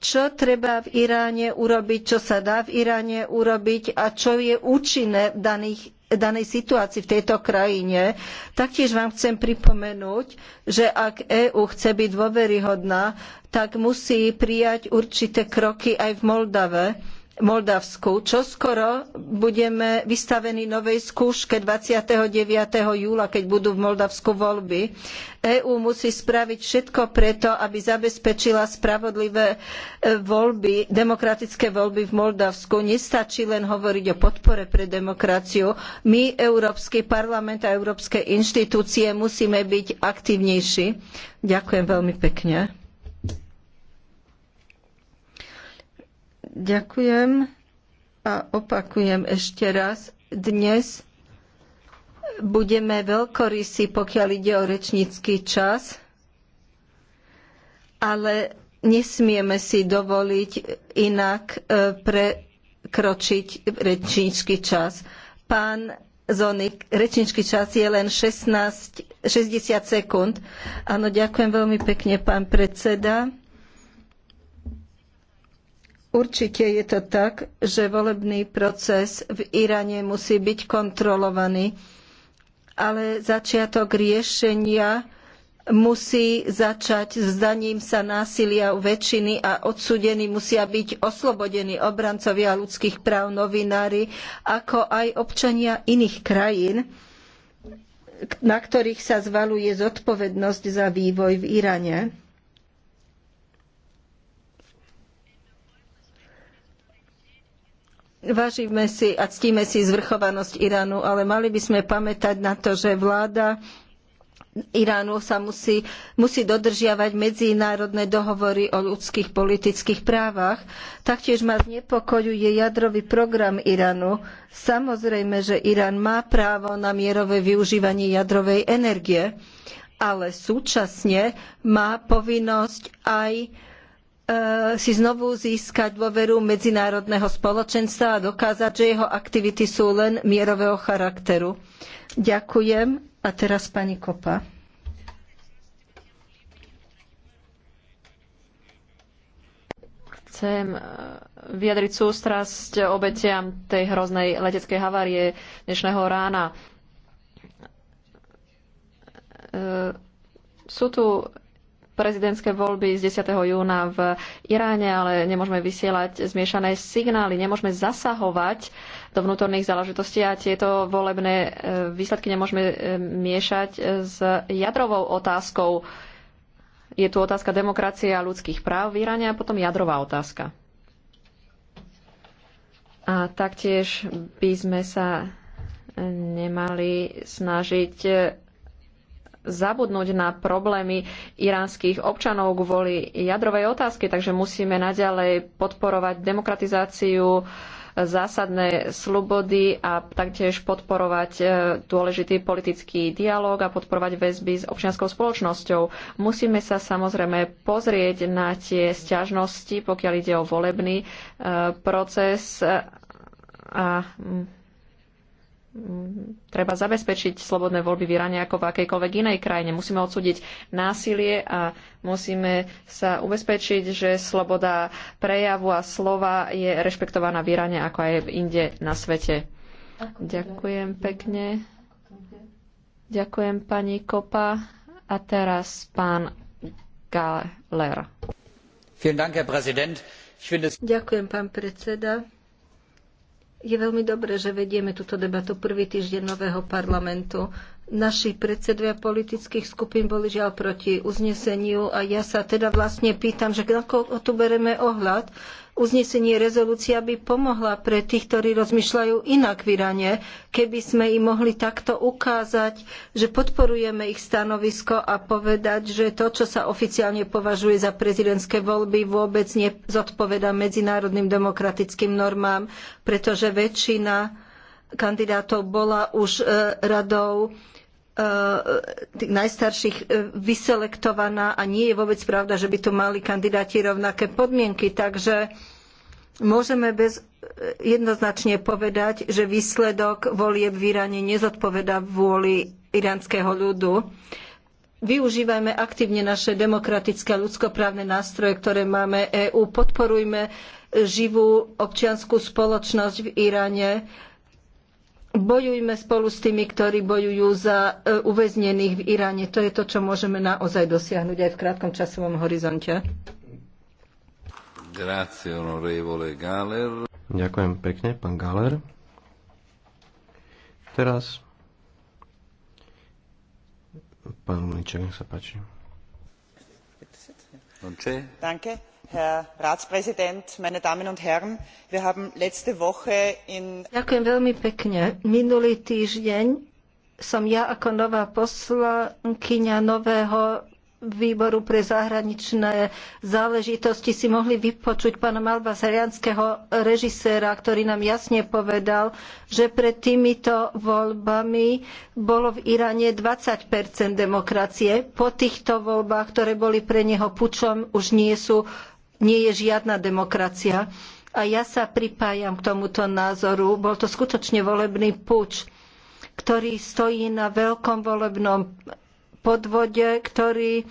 čo treba v Iráne urobiť, čo sa dá v Iráne urobiť a čo je účinné v daných danej situácii v tejto krajine. Taktiež vám chcem pripomenúť, že ak EÚ chce byť dôveryhodná, tak musí prijať určité kroky aj v Moldave Moldavsku. Čoskoro budeme vystavení novej skúške 29. júla, keď budú v Moldavsku voľby. EÚ musí spraviť všetko preto, aby zabezpečila spravodlivé e, voľby, demokratické voľby v Moldavsku. Nestačí len hovoriť o podpore pre demokraciu. My, Európsky parlament a európske inštitúcie, musíme byť aktívnejší. Ďakujem veľmi pekne. Ďakujem a opakujem ešte raz. Dnes budeme veľkorysí, pokiaľ ide o rečnícky čas, ale nesmieme si dovoliť inak e, prekročiť rečnícky čas. Pán Zonik, rečnícky čas je len 16, 60 sekúnd. Áno, ďakujem veľmi pekne, pán predseda. Určite je to tak, že volebný proces v Iráne musí byť kontrolovaný, ale začiatok riešenia musí začať vzdaním sa násilia u väčšiny a odsúdení musia byť oslobodení obrancovia ľudských práv, novinári, ako aj občania iných krajín, na ktorých sa zvaluje zodpovednosť za vývoj v Iráne. Vážime si a ctíme si zvrchovanosť Iránu, ale mali by sme pamätať na to, že vláda Iránu sa musí, musí dodržiavať medzinárodné dohovory o ľudských politických právach. Taktiež ma znepokojuje jadrový program Iránu. Samozrejme, že Irán má právo na mierové využívanie jadrovej energie, ale súčasne má povinnosť aj Eh, si znovu získať dôveru medzinárodného spoločenstva a dokázať, že jeho aktivity sú len mierového charakteru. Ďakujem. A teraz pani Kopa. Chcem eh, vyjadriť sústrasť obetiam tej hroznej leteckej havárie dnešného rána. Eh, sú tu prezidentské voľby z 10. júna v Iráne, ale nemôžeme vysielať zmiešané signály, nemôžeme zasahovať do vnútorných záležitostí a tieto volebné e, výsledky nemôžeme e, miešať e, s jadrovou otázkou. Je tu otázka demokracie a ľudských práv v Iráne a potom jadrová otázka. A taktiež by sme sa nemali snažiť zabudnúť na problémy iránskych občanov kvôli jadrovej otázke, takže musíme naďalej podporovať demokratizáciu, zásadné slobody a taktiež podporovať e, dôležitý politický dialog a podporovať väzby s občianskou spoločnosťou. Musíme sa samozrejme pozrieť na tie sťažnosti, pokiaľ ide o volebný e, proces a Mm, treba zabezpečiť slobodné voľby v Iráne ako v akejkoľvek inej krajine. Musíme odsúdiť násilie a musíme sa ubezpečiť, že sloboda prejavu a slova je rešpektovaná v Iráne ako aj inde na svete. Ďakujem pekne. Ďakujem pani Kopa. A teraz pán Galer. Ďakujem, pán predseda. Je veľmi dobré, že vedieme túto debatu prvý týždeň nového parlamentu. Naši predsedovia politických skupín boli žiaľ proti uzneseniu a ja sa teda vlastne pýtam, že ako to bereme ohľad, uznesenie rezolúcia by pomohla pre tých, ktorí rozmýšľajú inak v Iráne, keby sme im mohli takto ukázať, že podporujeme ich stanovisko a povedať, že to, čo sa oficiálne považuje za prezidentské voľby, vôbec nezodpoveda medzinárodným demokratickým normám, pretože väčšina kandidátov bola už e, radou E, tých najstarších e, vyselektovaná a nie je vôbec pravda, že by tu mali kandidáti rovnaké podmienky. Takže môžeme bez e, jednoznačne povedať, že výsledok volieb v Iráne nezodpovedá vôli iránskeho ľudu. Využívajme aktívne naše demokratické a ľudskoprávne nástroje, ktoré máme EÚ. Podporujme živú občiansku spoločnosť v Iráne bojujme spolu s tými, ktorí bojujú za e, uväznených v Iráne. To je to, čo môžeme naozaj dosiahnuť aj v krátkom časovom horizonte. Grazie, Ďakujem pekne, pán Galer. Teraz pán Uniček, nech sa páči. Danke herr ratspräsident meine damen und herren! wir haben letzte woche in. ďakujem veľmi pekne. minulý týždeň som ja ako nová poslankyňa nového výboru pre zahraničné záležitosti si mohli vypočuť pána malbazarianského režiséra, ktorý nám jasne povedal, že pred týmito voľbami bolo v Iráne 20 demokracie. Po týchto voľbách, ktoré boli pre neho pučom, už nie sú nie je žiadna demokracia. A ja sa pripájam k tomuto názoru. Bol to skutočne volebný puč, ktorý stojí na veľkom volebnom podvode, ktorý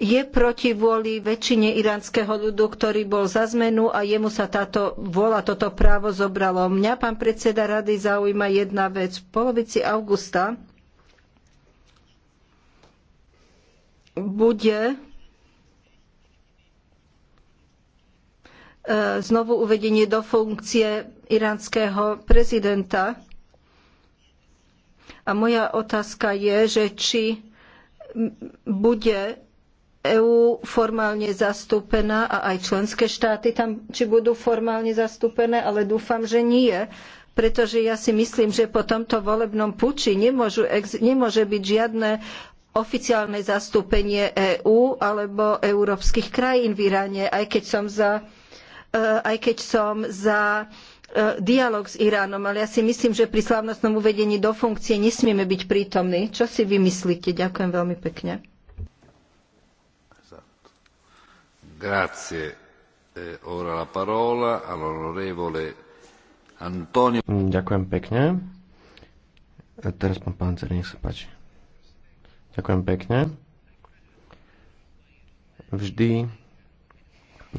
je proti vôli väčšine iránskeho ľudu, ktorý bol za zmenu a jemu sa táto vôľa, toto právo zobralo. Mňa, pán predseda rady, zaujíma jedna vec. V polovici augusta bude E, znovu uvedenie do funkcie iránskeho prezidenta. A moja otázka je, že či bude EÚ formálne zastúpená a aj členské štáty tam, či budú formálne zastúpené, ale dúfam, že nie, pretože ja si myslím, že po tomto volebnom puči nemôžu, nemôže byť žiadne oficiálne zastúpenie EÚ alebo európskych krajín v Iráne, aj keď som za Eh, aj keď som za eh, dialog s Iránom, ale ja si myslím, že pri slávnostnom uvedení do funkcie nesmieme byť prítomní. Čo si vy myslíte? Ďakujem veľmi pekne. Eh, Ďakujem pekne. A teraz pán Pancer, nech sa páči. Ďakujem pekne. Vždy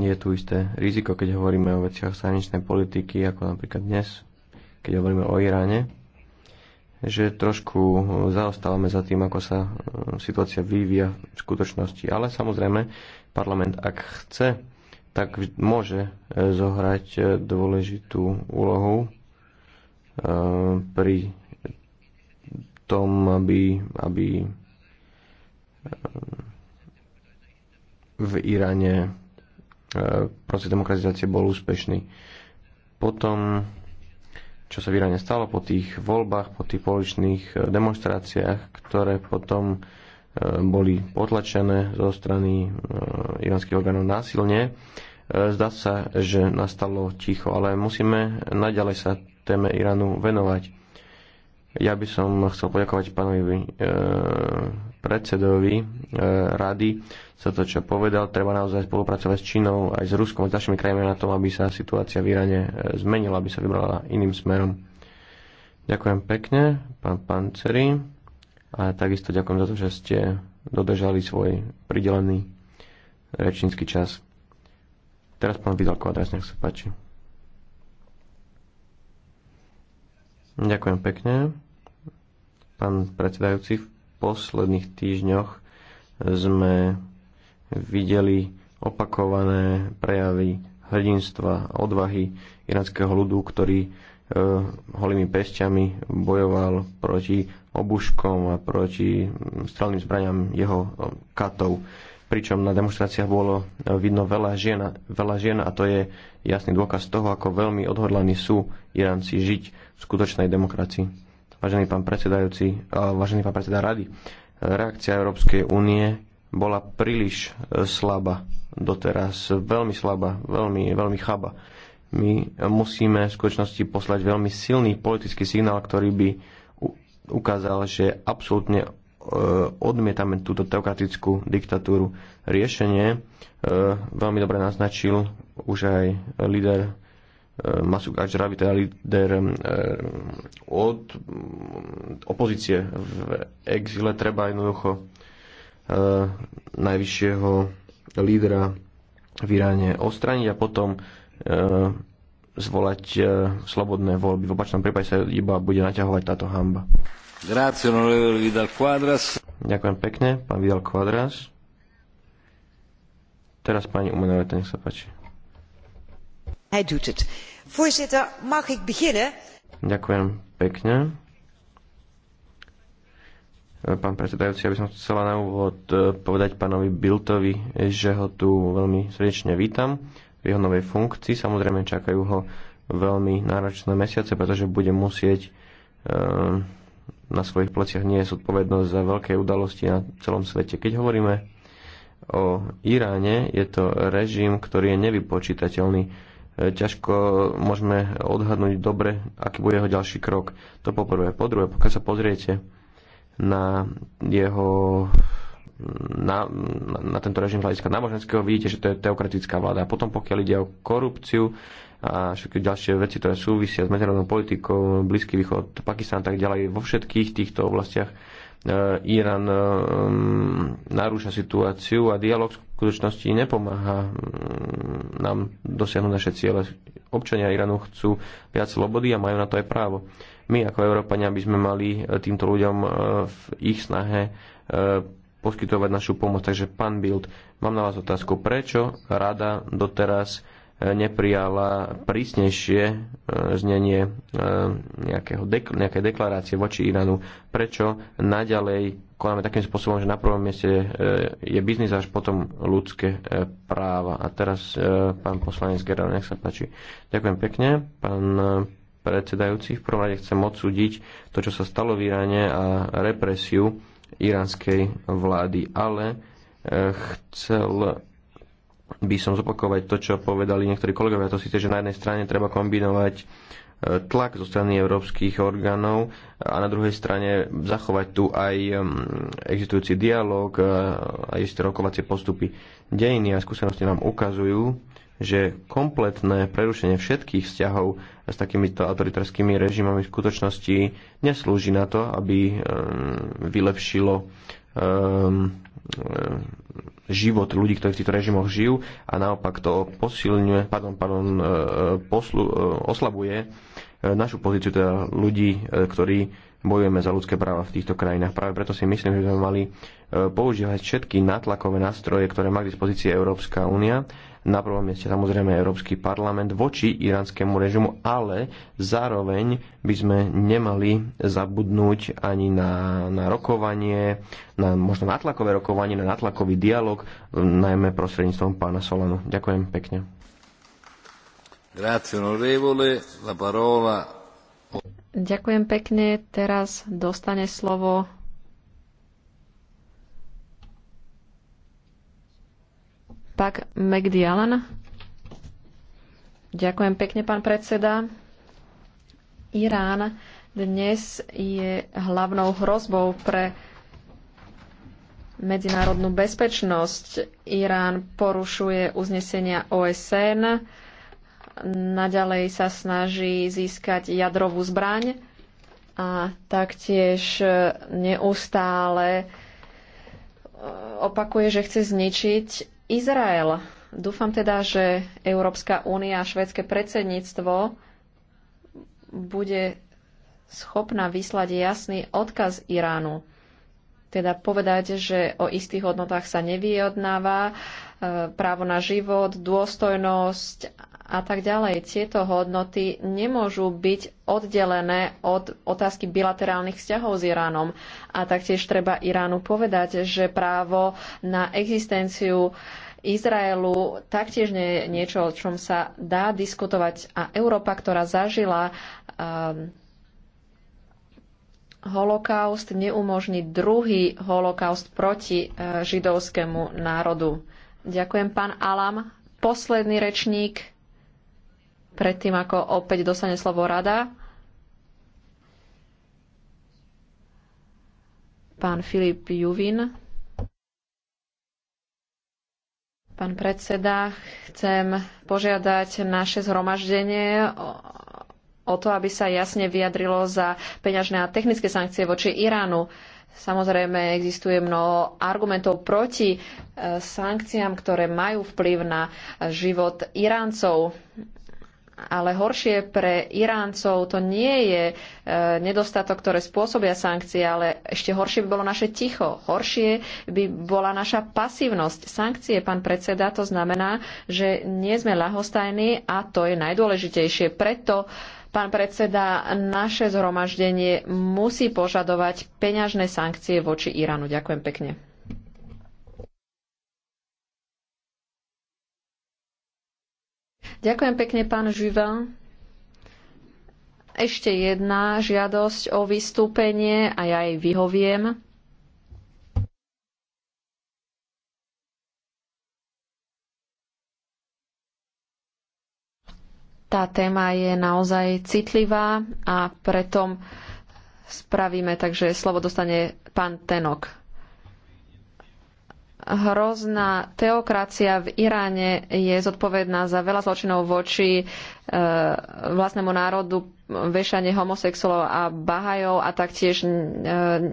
je tu isté riziko, keď hovoríme o veciach zahraničnej politiky, ako napríklad dnes, keď hovoríme o Iráne, že trošku zaostávame za tým, ako sa e, situácia vyvíja v skutočnosti. Ale samozrejme, parlament, ak chce, tak môže e, zohrať e, dôležitú úlohu pri tom, aby, aby v Iráne E, proces demokratizácie bol úspešný. Potom, čo sa v stalo po tých voľbách, po tých poličných e, demonstráciách, ktoré potom e, boli potlačené zo strany iránskych orgánov násilne. Zdá sa, že nastalo ticho, ale musíme naďalej sa téme Iránu venovať. Ja by som chcel poďakovať pánovi predsedovi E, rady sa to, čo povedal, treba naozaj spolupracovať s Čínou aj s Ruskom a s ďalšími krajinami na tom, aby sa situácia v Iráne e, zmenila, aby sa vybrala iným smerom. Ďakujem pekne, pán Panceri, a takisto ďakujem za to, že ste dodržali svoj pridelený rečnícky čas. Teraz pán Vidal adres, nech sa páči. Ďakujem pekne. Pán predsedajúci, v posledných týždňoch sme videli opakované prejavy hrdinstva a odvahy iránskeho ľudu, ktorý e, holými pesťami bojoval proti obuškom a proti strelným zbraniam jeho e, katov. Pričom na demonstráciách bolo e, vidno veľa žien, veľa žien a to je jasný dôkaz toho, ako veľmi odhodlaní sú Iránci žiť v skutočnej demokracii. Vážený pán predsedajúci, vážený pán predseda rady, reakcia Európskej únie bola príliš e, slabá doteraz, veľmi slabá, veľmi, veľmi chaba. My musíme v skutočnosti poslať veľmi silný politický signál, ktorý by ukázal, že absolútne e, odmietame túto teokratickú diktatúru. Riešenie e, veľmi dobre naznačil už aj líder Eh, Masuk Ačrabi, teda líder eh, od mm, opozície v exile, treba jednoducho eh, najvyššieho lídra v Iráne ostraniť a potom zvolať slobodné voľby. V opačnom prípade sa iba bude naťahovať táto hamba. Grazie, Vidal Quadras. Ďakujem pekne, pán Vidal Quadras. Teraz pani Umenovete, nech sa páči. Hij doet het. Voorzitter, mag ik beginnen? Ďakujem pekne. Pán predsedajúci, ja by som chcela na úvod e, povedať pánovi Biltovi, že ho tu veľmi srdečne vítam v jeho novej funkcii. Samozrejme čakajú ho veľmi náročné mesiace, pretože bude musieť e, na svojich pleciach nie je zodpovednosť za veľké udalosti na celom svete. Keď hovoríme o Iráne, je to režim, ktorý je nevypočítateľný E, ťažko môžeme odhadnúť dobre, aký bude jeho ďalší krok. To poprvé. Po druhé, pokiaľ sa pozriete na jeho na, na, na tento režim hľadiska náboženského, vidíte, že to je teokratická vláda. A potom, pokiaľ ide o korupciu a všetky ďalšie veci, ktoré súvisia s medzinárodnou politikou, Blízky východ, Pakistan, tak ďalej, vo všetkých týchto oblastiach Eh, Irán eh, mm, narúša situáciu a dialog v skutočnosti nepomáha mm, nám dosiahnuť naše ciele. Občania Iránu chcú viac slobody a majú na to aj právo. My ako Európania by sme mali eh, týmto ľuďom v ich snahe poskytovať našu pomoc. Takže pán Bild, mám na vás otázku, prečo rada doteraz neprijala prísnejšie e, znenie e, nejakého dek- nejakej deklarácie voči Iránu. Prečo naďalej konáme takým spôsobom, že na prvom mieste e, je biznis až potom ľudské práva. A teraz pán poslanec Gerard, nech sa páči. Ďakujem pekne. Pán predsedajúci, v prvom rade chcem odsúdiť to, čo sa stalo v Iráne a represiu iránskej vlády. Ale chcel by som zopakovať to, čo povedali niektorí kolegovia, to síce, že na jednej strane treba kombinovať e, tlak zo strany európskych orgánov a na druhej strane zachovať tu aj mm, existujúci dialog e, a isté rokovacie postupy. Dejiny a skúsenosti nám ukazujú, že kompletné prerušenie všetkých vzťahov s takýmito autoritárskymi režimami v skutočnosti neslúži na to, aby e, vylepšilo život ľudí, ktorí v týchto režimoch žijú a naopak to posilňuje, pardon, pardon, e, poslu, e, oslabuje e, našu pozíciu teda ľudí, ktorí bojujeme za ľudské práva v týchto krajinách. Práve preto si myslím, že sme mali používať všetky nátlakové nástroje, ktoré má k dispozícii Európska únia na prvom mieste samozrejme Európsky parlament voči iránskému režimu, ale zároveň by sme nemali zabudnúť ani na, na rokovanie, na možno natlakové rokovanie, na natlakový dialog, najmä prostredníctvom pána Solanu. Ďakujem pekne. Grazie, onorevole. La parola... Ďakujem pekne. Teraz dostane slovo Pak McDialan. Ďakujem pekne, pán predseda. Irán dnes je hlavnou hrozbou pre medzinárodnú bezpečnosť. Irán porušuje uznesenia OSN, naďalej sa snaží získať jadrovú zbraň a taktiež neustále opakuje, že chce zničiť Izrael. Dúfam teda, že Európska únia a švedské predsedníctvo bude schopná vyslať jasný odkaz Iránu. Teda povedať, že o istých hodnotách sa nevyjednáva, e, právo na život, dôstojnosť a tak ďalej. Tieto hodnoty nemôžu byť oddelené od otázky bilaterálnych vzťahov s Iránom. A taktiež treba Iránu povedať, že právo na existenciu Izraelu taktiež nie je niečo, o čom sa dá diskutovať. A Európa, ktorá zažila um, holokaust, neumožní druhý holokaust proti uh, židovskému národu. Ďakujem, pán Alam. Posledný rečník predtým, ako opäť dostane slovo rada. Pán Filip Juvin. Pán predseda, chcem požiadať naše zhromaždenie o to, aby sa jasne vyjadrilo za peňažné a technické sankcie voči Iránu. Samozrejme, existuje mnoho argumentov proti e, sankciám, ktoré majú vplyv na život Iráncov ale horšie pre Iráncov to nie je e, nedostatok, ktoré spôsobia sankcie, ale ešte horšie by bolo naše ticho, horšie by bola naša pasívnosť. Sankcie, pán predseda, to znamená, že nie sme lahostajní a to je najdôležitejšie. Preto Pán predseda, naše zhromaždenie musí požadovať peňažné sankcie voči Iránu. Ďakujem pekne. Ďakujem pekne, pán Živel. Ešte jedna žiadosť o vystúpenie a ja jej vyhoviem. Tá téma je naozaj citlivá a preto spravíme, takže slovo dostane pán Tenok hrozná teokracia v Iráne je zodpovedná za veľa zločinov voči e, vlastnému národu, vešanie homosexuálov a bahajov a taktiež e,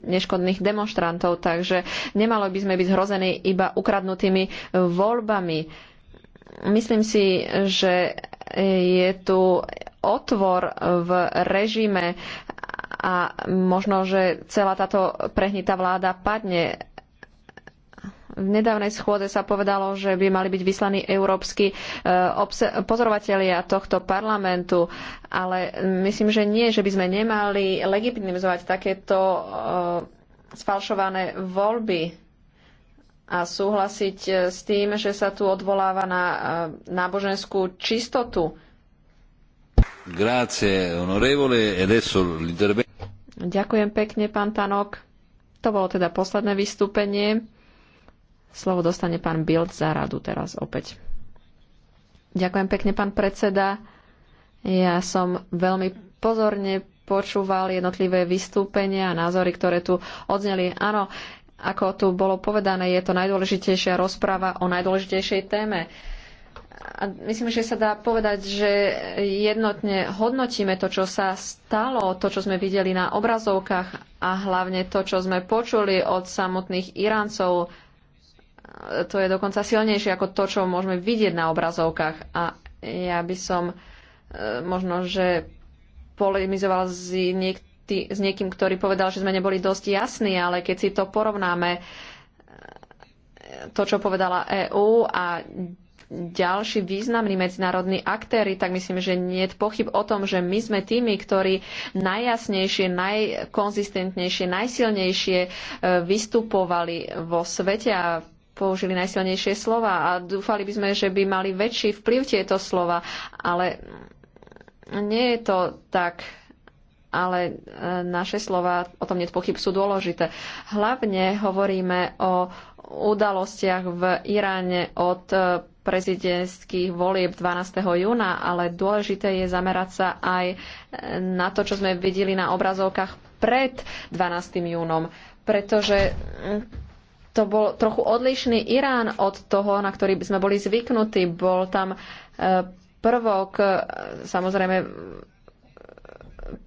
neškodných demonstrantov. Takže nemalo by sme byť hrození iba ukradnutými voľbami. Myslím si, že je tu otvor v režime a možno, že celá táto prehnitá vláda padne v nedávnej schôdze sa povedalo, že by mali byť vyslaní európsky e, pozorovatelia tohto parlamentu, ale myslím, že nie, že by sme nemali legitimizovať takéto e, sfalšované voľby a súhlasiť e, s tým, že sa tu odvoláva na náboženskú čistotu. Grazie, onorevole. Adesso Ďakujem pekne, pán Tanok. To bolo teda posledné vystúpenie. Slovo dostane pán Bild za radu teraz opäť. Ďakujem pekne, pán predseda. Ja som veľmi pozorne počúval jednotlivé vystúpenia a názory, ktoré tu odzneli. Áno, ako tu bolo povedané, je to najdôležitejšia rozpráva o najdôležitejšej téme. A myslím, že sa dá povedať, že jednotne hodnotíme to, čo sa stalo, to, čo sme videli na obrazovkách a hlavne to, čo sme počuli od samotných Iráncov to je dokonca silnejšie ako to, čo môžeme vidieť na obrazovkách. A ja by som e, možno, že polemizoval s, niekty, s niekým, ktorý povedal, že sme neboli dosť jasní, ale keď si to porovnáme, e, to, čo povedala EÚ a ďalší významní medzinárodní aktéry, tak myslím, že nie je pochyb o tom, že my sme tými, ktorí najjasnejšie, najkonzistentnejšie, najsilnejšie e, vystupovali vo svete a použili najsilnejšie slova a dúfali by sme, že by mali väčší vplyv tieto slova, ale nie je to tak ale e, naše slova, o tom nie pochyb, sú dôležité. Hlavne hovoríme o udalostiach v Iráne od e, prezidentských volieb 12. júna, ale dôležité je zamerať sa aj e, na to, čo sme videli na obrazovkách pred 12. júnom, pretože to bol trochu odlišný Irán od toho, na ktorý by sme boli zvyknutí. Bol tam e, prvok, e, samozrejme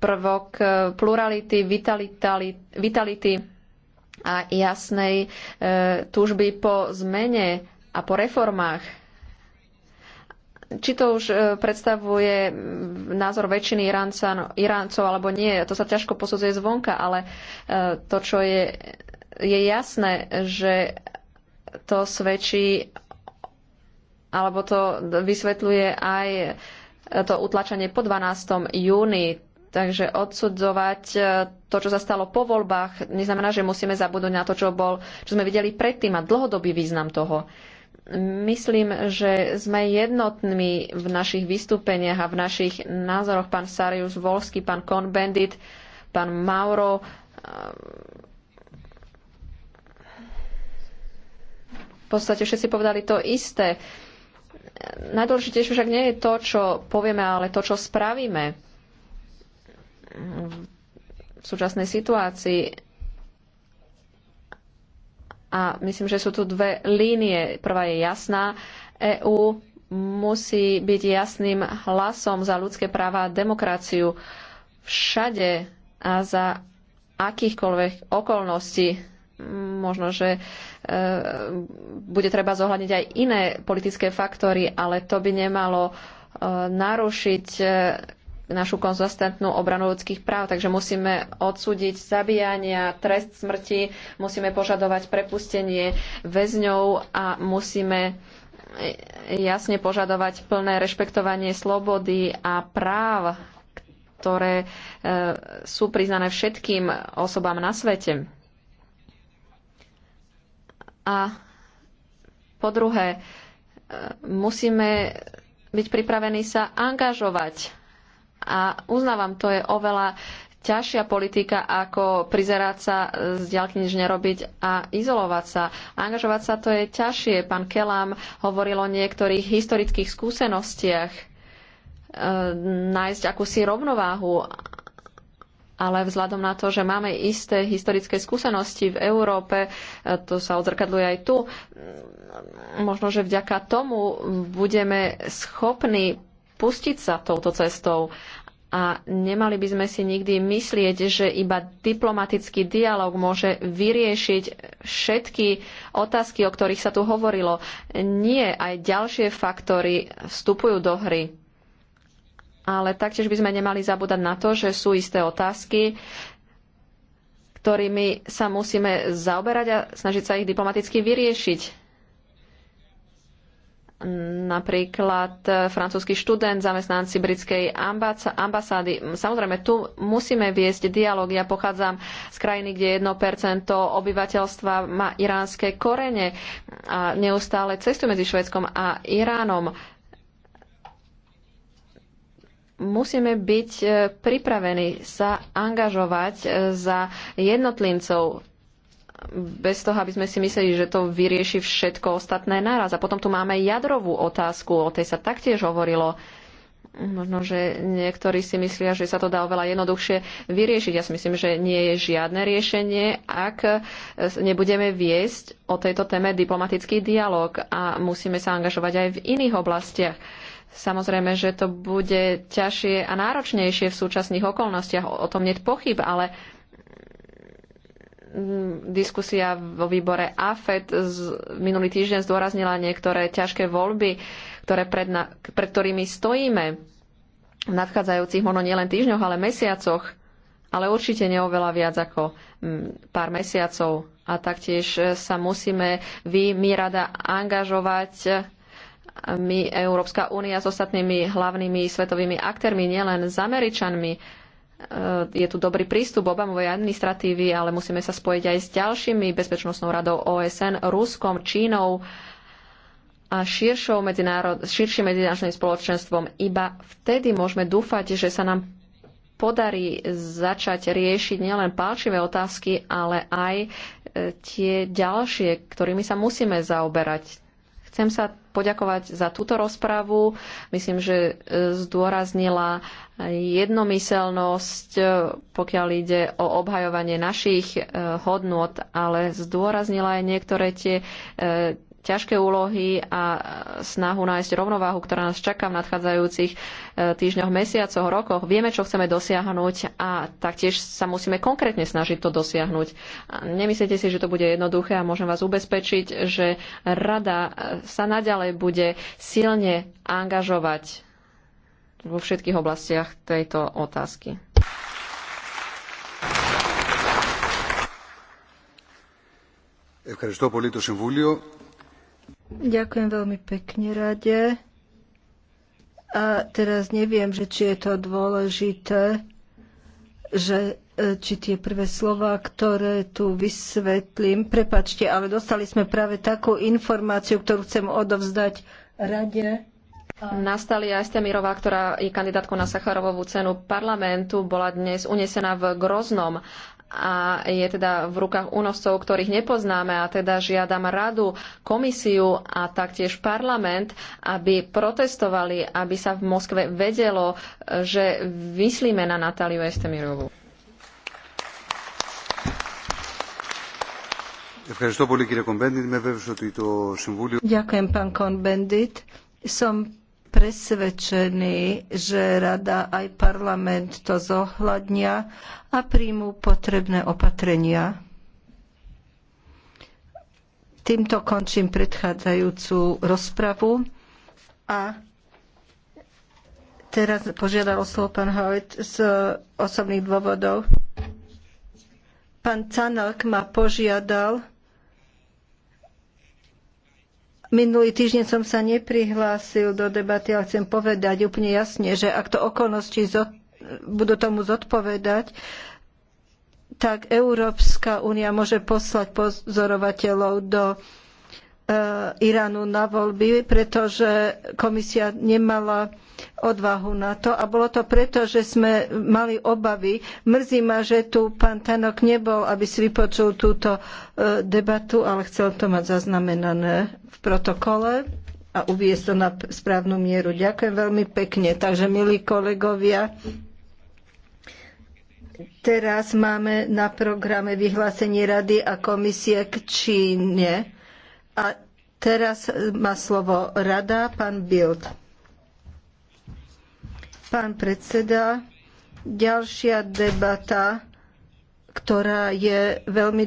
prvok e, plurality, vitality, vitality a jasnej túžby po zmene a po reformách. Či to už predstavuje názor väčšiny Iránca, Iráncov alebo nie, to sa ťažko posudzuje zvonka, ale to, čo je je jasné, že to svedčí alebo to vysvetľuje aj to utlačenie po 12. júni. Takže odsudzovať e, to, čo sa stalo po voľbách, neznamená, že musíme zabudnúť na to, čo, bol, čo sme videli predtým a dlhodobý význam toho. Myslím, že sme jednotní v našich vystúpeniach a v našich názoroch. Pán Sarius Volsky, pán Kohn-Bendit, pán Mauro, podstate všetci povedali to isté. Najdôležitejšie však nie je to, čo povieme, ale to, čo spravíme v súčasnej situácii. A myslím, že sú tu dve línie. Prvá je jasná. EÚ musí byť jasným hlasom za ľudské práva a demokraciu všade a za akýchkoľvek okolností možno, že e, bude treba zohľadniť aj iné politické faktory, ale to by nemalo e, narušiť e, našu konzistentnú obranu ľudských práv. Takže musíme odsúdiť zabíjania, trest smrti, musíme požadovať prepustenie väzňov a musíme jasne požadovať plné rešpektovanie slobody a práv, ktoré sú priznané všetkým osobám na svete. A po druhé, e, musíme byť pripravení sa angažovať. A uznávam, to je oveľa ťažšia politika, ako prizerať sa e, z diaľky nič nerobiť a izolovať sa. Angažovať sa to je ťažšie. Pán Kelam hovoril o niektorých historických skúsenostiach. E, nájsť akúsi rovnováhu ale vzhľadom na to, že máme isté historické skúsenosti v Európe, e, to sa odzrkadluje aj tu, možno, že vďaka tomu budeme schopní pustiť sa touto cestou a nemali by sme si nikdy myslieť, že iba diplomatický dialog môže vyriešiť všetky otázky, o ktorých sa tu hovorilo. Nie, aj ďalšie faktory vstupujú do hry ale taktiež by sme nemali zabúdať na to, že sú isté otázky, ktorými sa musíme zaoberať a snažiť sa ich diplomaticky vyriešiť. Napríklad e, francúzsky študent, zamestnanci britskej ambasády. Samozrejme, tu musíme viesť dialog. Ja pochádzam z krajiny, kde 1% obyvateľstva má iránske korene a neustále cestujú medzi Švedskom a Iránom musíme byť e, pripravení sa angažovať e, za jednotlincov bez toho, aby sme si mysleli, že to vyrieši všetko ostatné naraz. A potom tu máme jadrovú otázku, o tej sa taktiež hovorilo. Možno, že niektorí si myslia, že sa to dá oveľa jednoduchšie vyriešiť. Ja si myslím, že nie je žiadne riešenie, ak e, nebudeme viesť o tejto téme diplomatický dialog a musíme sa angažovať aj v iných oblastiach. Samozrejme, že to bude ťažšie a náročnejšie v súčasných okolnostiach, o tom nie je pochyb, ale diskusia vo výbore AFED z, minulý týždeň zdôraznila niektoré ťažké voľby, ktoré pred, na, pred ktorými stojíme v nadchádzajúcich možno nielen týždňoch, ale mesiacoch, ale určite neoveľa viac ako m, pár mesiacov. A taktiež sa musíme vy, my rada, angažovať my, Európska únia, s ostatnými hlavnými svetovými aktérmi, nielen s Američanmi. E, je tu dobrý prístup Obamovej administratívy, ale musíme sa spojiť aj s ďalšími bezpečnostnou radou OSN, Ruskom, Čínou a širšou medzinárod, širším medzinárodným spoločenstvom. Iba vtedy môžeme dúfať, že sa nám podarí začať riešiť nielen palčivé otázky, ale aj e, tie ďalšie, ktorými sa musíme zaoberať Chcem sa poďakovať za túto rozpravu. Myslím, že e, zdôraznila jednomyselnosť, e, pokiaľ ide o obhajovanie našich e, hodnot, ale zdôraznila aj niektoré tie ťažké úlohy a snahu nájsť rovnováhu, ktorá nás čaká v nadchádzajúcich e, týždňoch, mesiacoch, rokoch. Vieme, čo chceme dosiahnuť a taktiež sa musíme konkrétne snažiť to dosiahnuť. Nemyslíte si, že to bude jednoduché a môžem vás ubezpečiť, že rada e, sa naďalej bude silne angažovať vo všetkých oblastiach tejto otázky. Ευχαριστώ πολύ το Συμβούλιο. Ďakujem veľmi pekne rade. A teraz neviem, že či je to dôležité, že e, či tie prvé slova, ktoré tu vysvetlím. Prepačte, ale dostali sme práve takú informáciu, ktorú chcem odovzdať rade. Nastali aj Stemirová, ktorá je kandidátkou na Sacharovovú cenu parlamentu, bola dnes unesená v Groznom a je teda v rukách únoscov, ktorých nepoznáme a teda žiadam radu, komisiu a taktiež parlament, aby protestovali, aby sa v Moskve vedelo, že vyslíme na Natáliu Estemirovu. Ďakujem, pán Kohn-Bendit. Som presvedčení, že Rada aj parlament to zohľadnia a príjmú potrebné opatrenia. Týmto končím predchádzajúcu rozpravu a teraz požiadal o slovo pán Howitt z osobných dôvodov. Pán Canok ma požiadal, Minulý týždeň som sa neprihlásil do debaty, ale chcem povedať úplne jasne, že ak to okolnosti zod... budú tomu zodpovedať, tak Európska únia môže poslať pozorovateľov do Eh, Iránu na voľby, pretože komisia nemala odvahu na to a bolo to preto, že sme mali obavy. Mrzí ma, že tu pán Tanok nebol, aby si vypočul túto eh, debatu, ale chcel to mať zaznamenané v protokole a uviezť to na správnu mieru. Ďakujem veľmi pekne. Takže, milí kolegovia, teraz máme na programe vyhlásenie Rady a komisie k Číne. A teraz má slovo rada, pán Bild. Pán predseda, ďalšia debata, ktorá je veľmi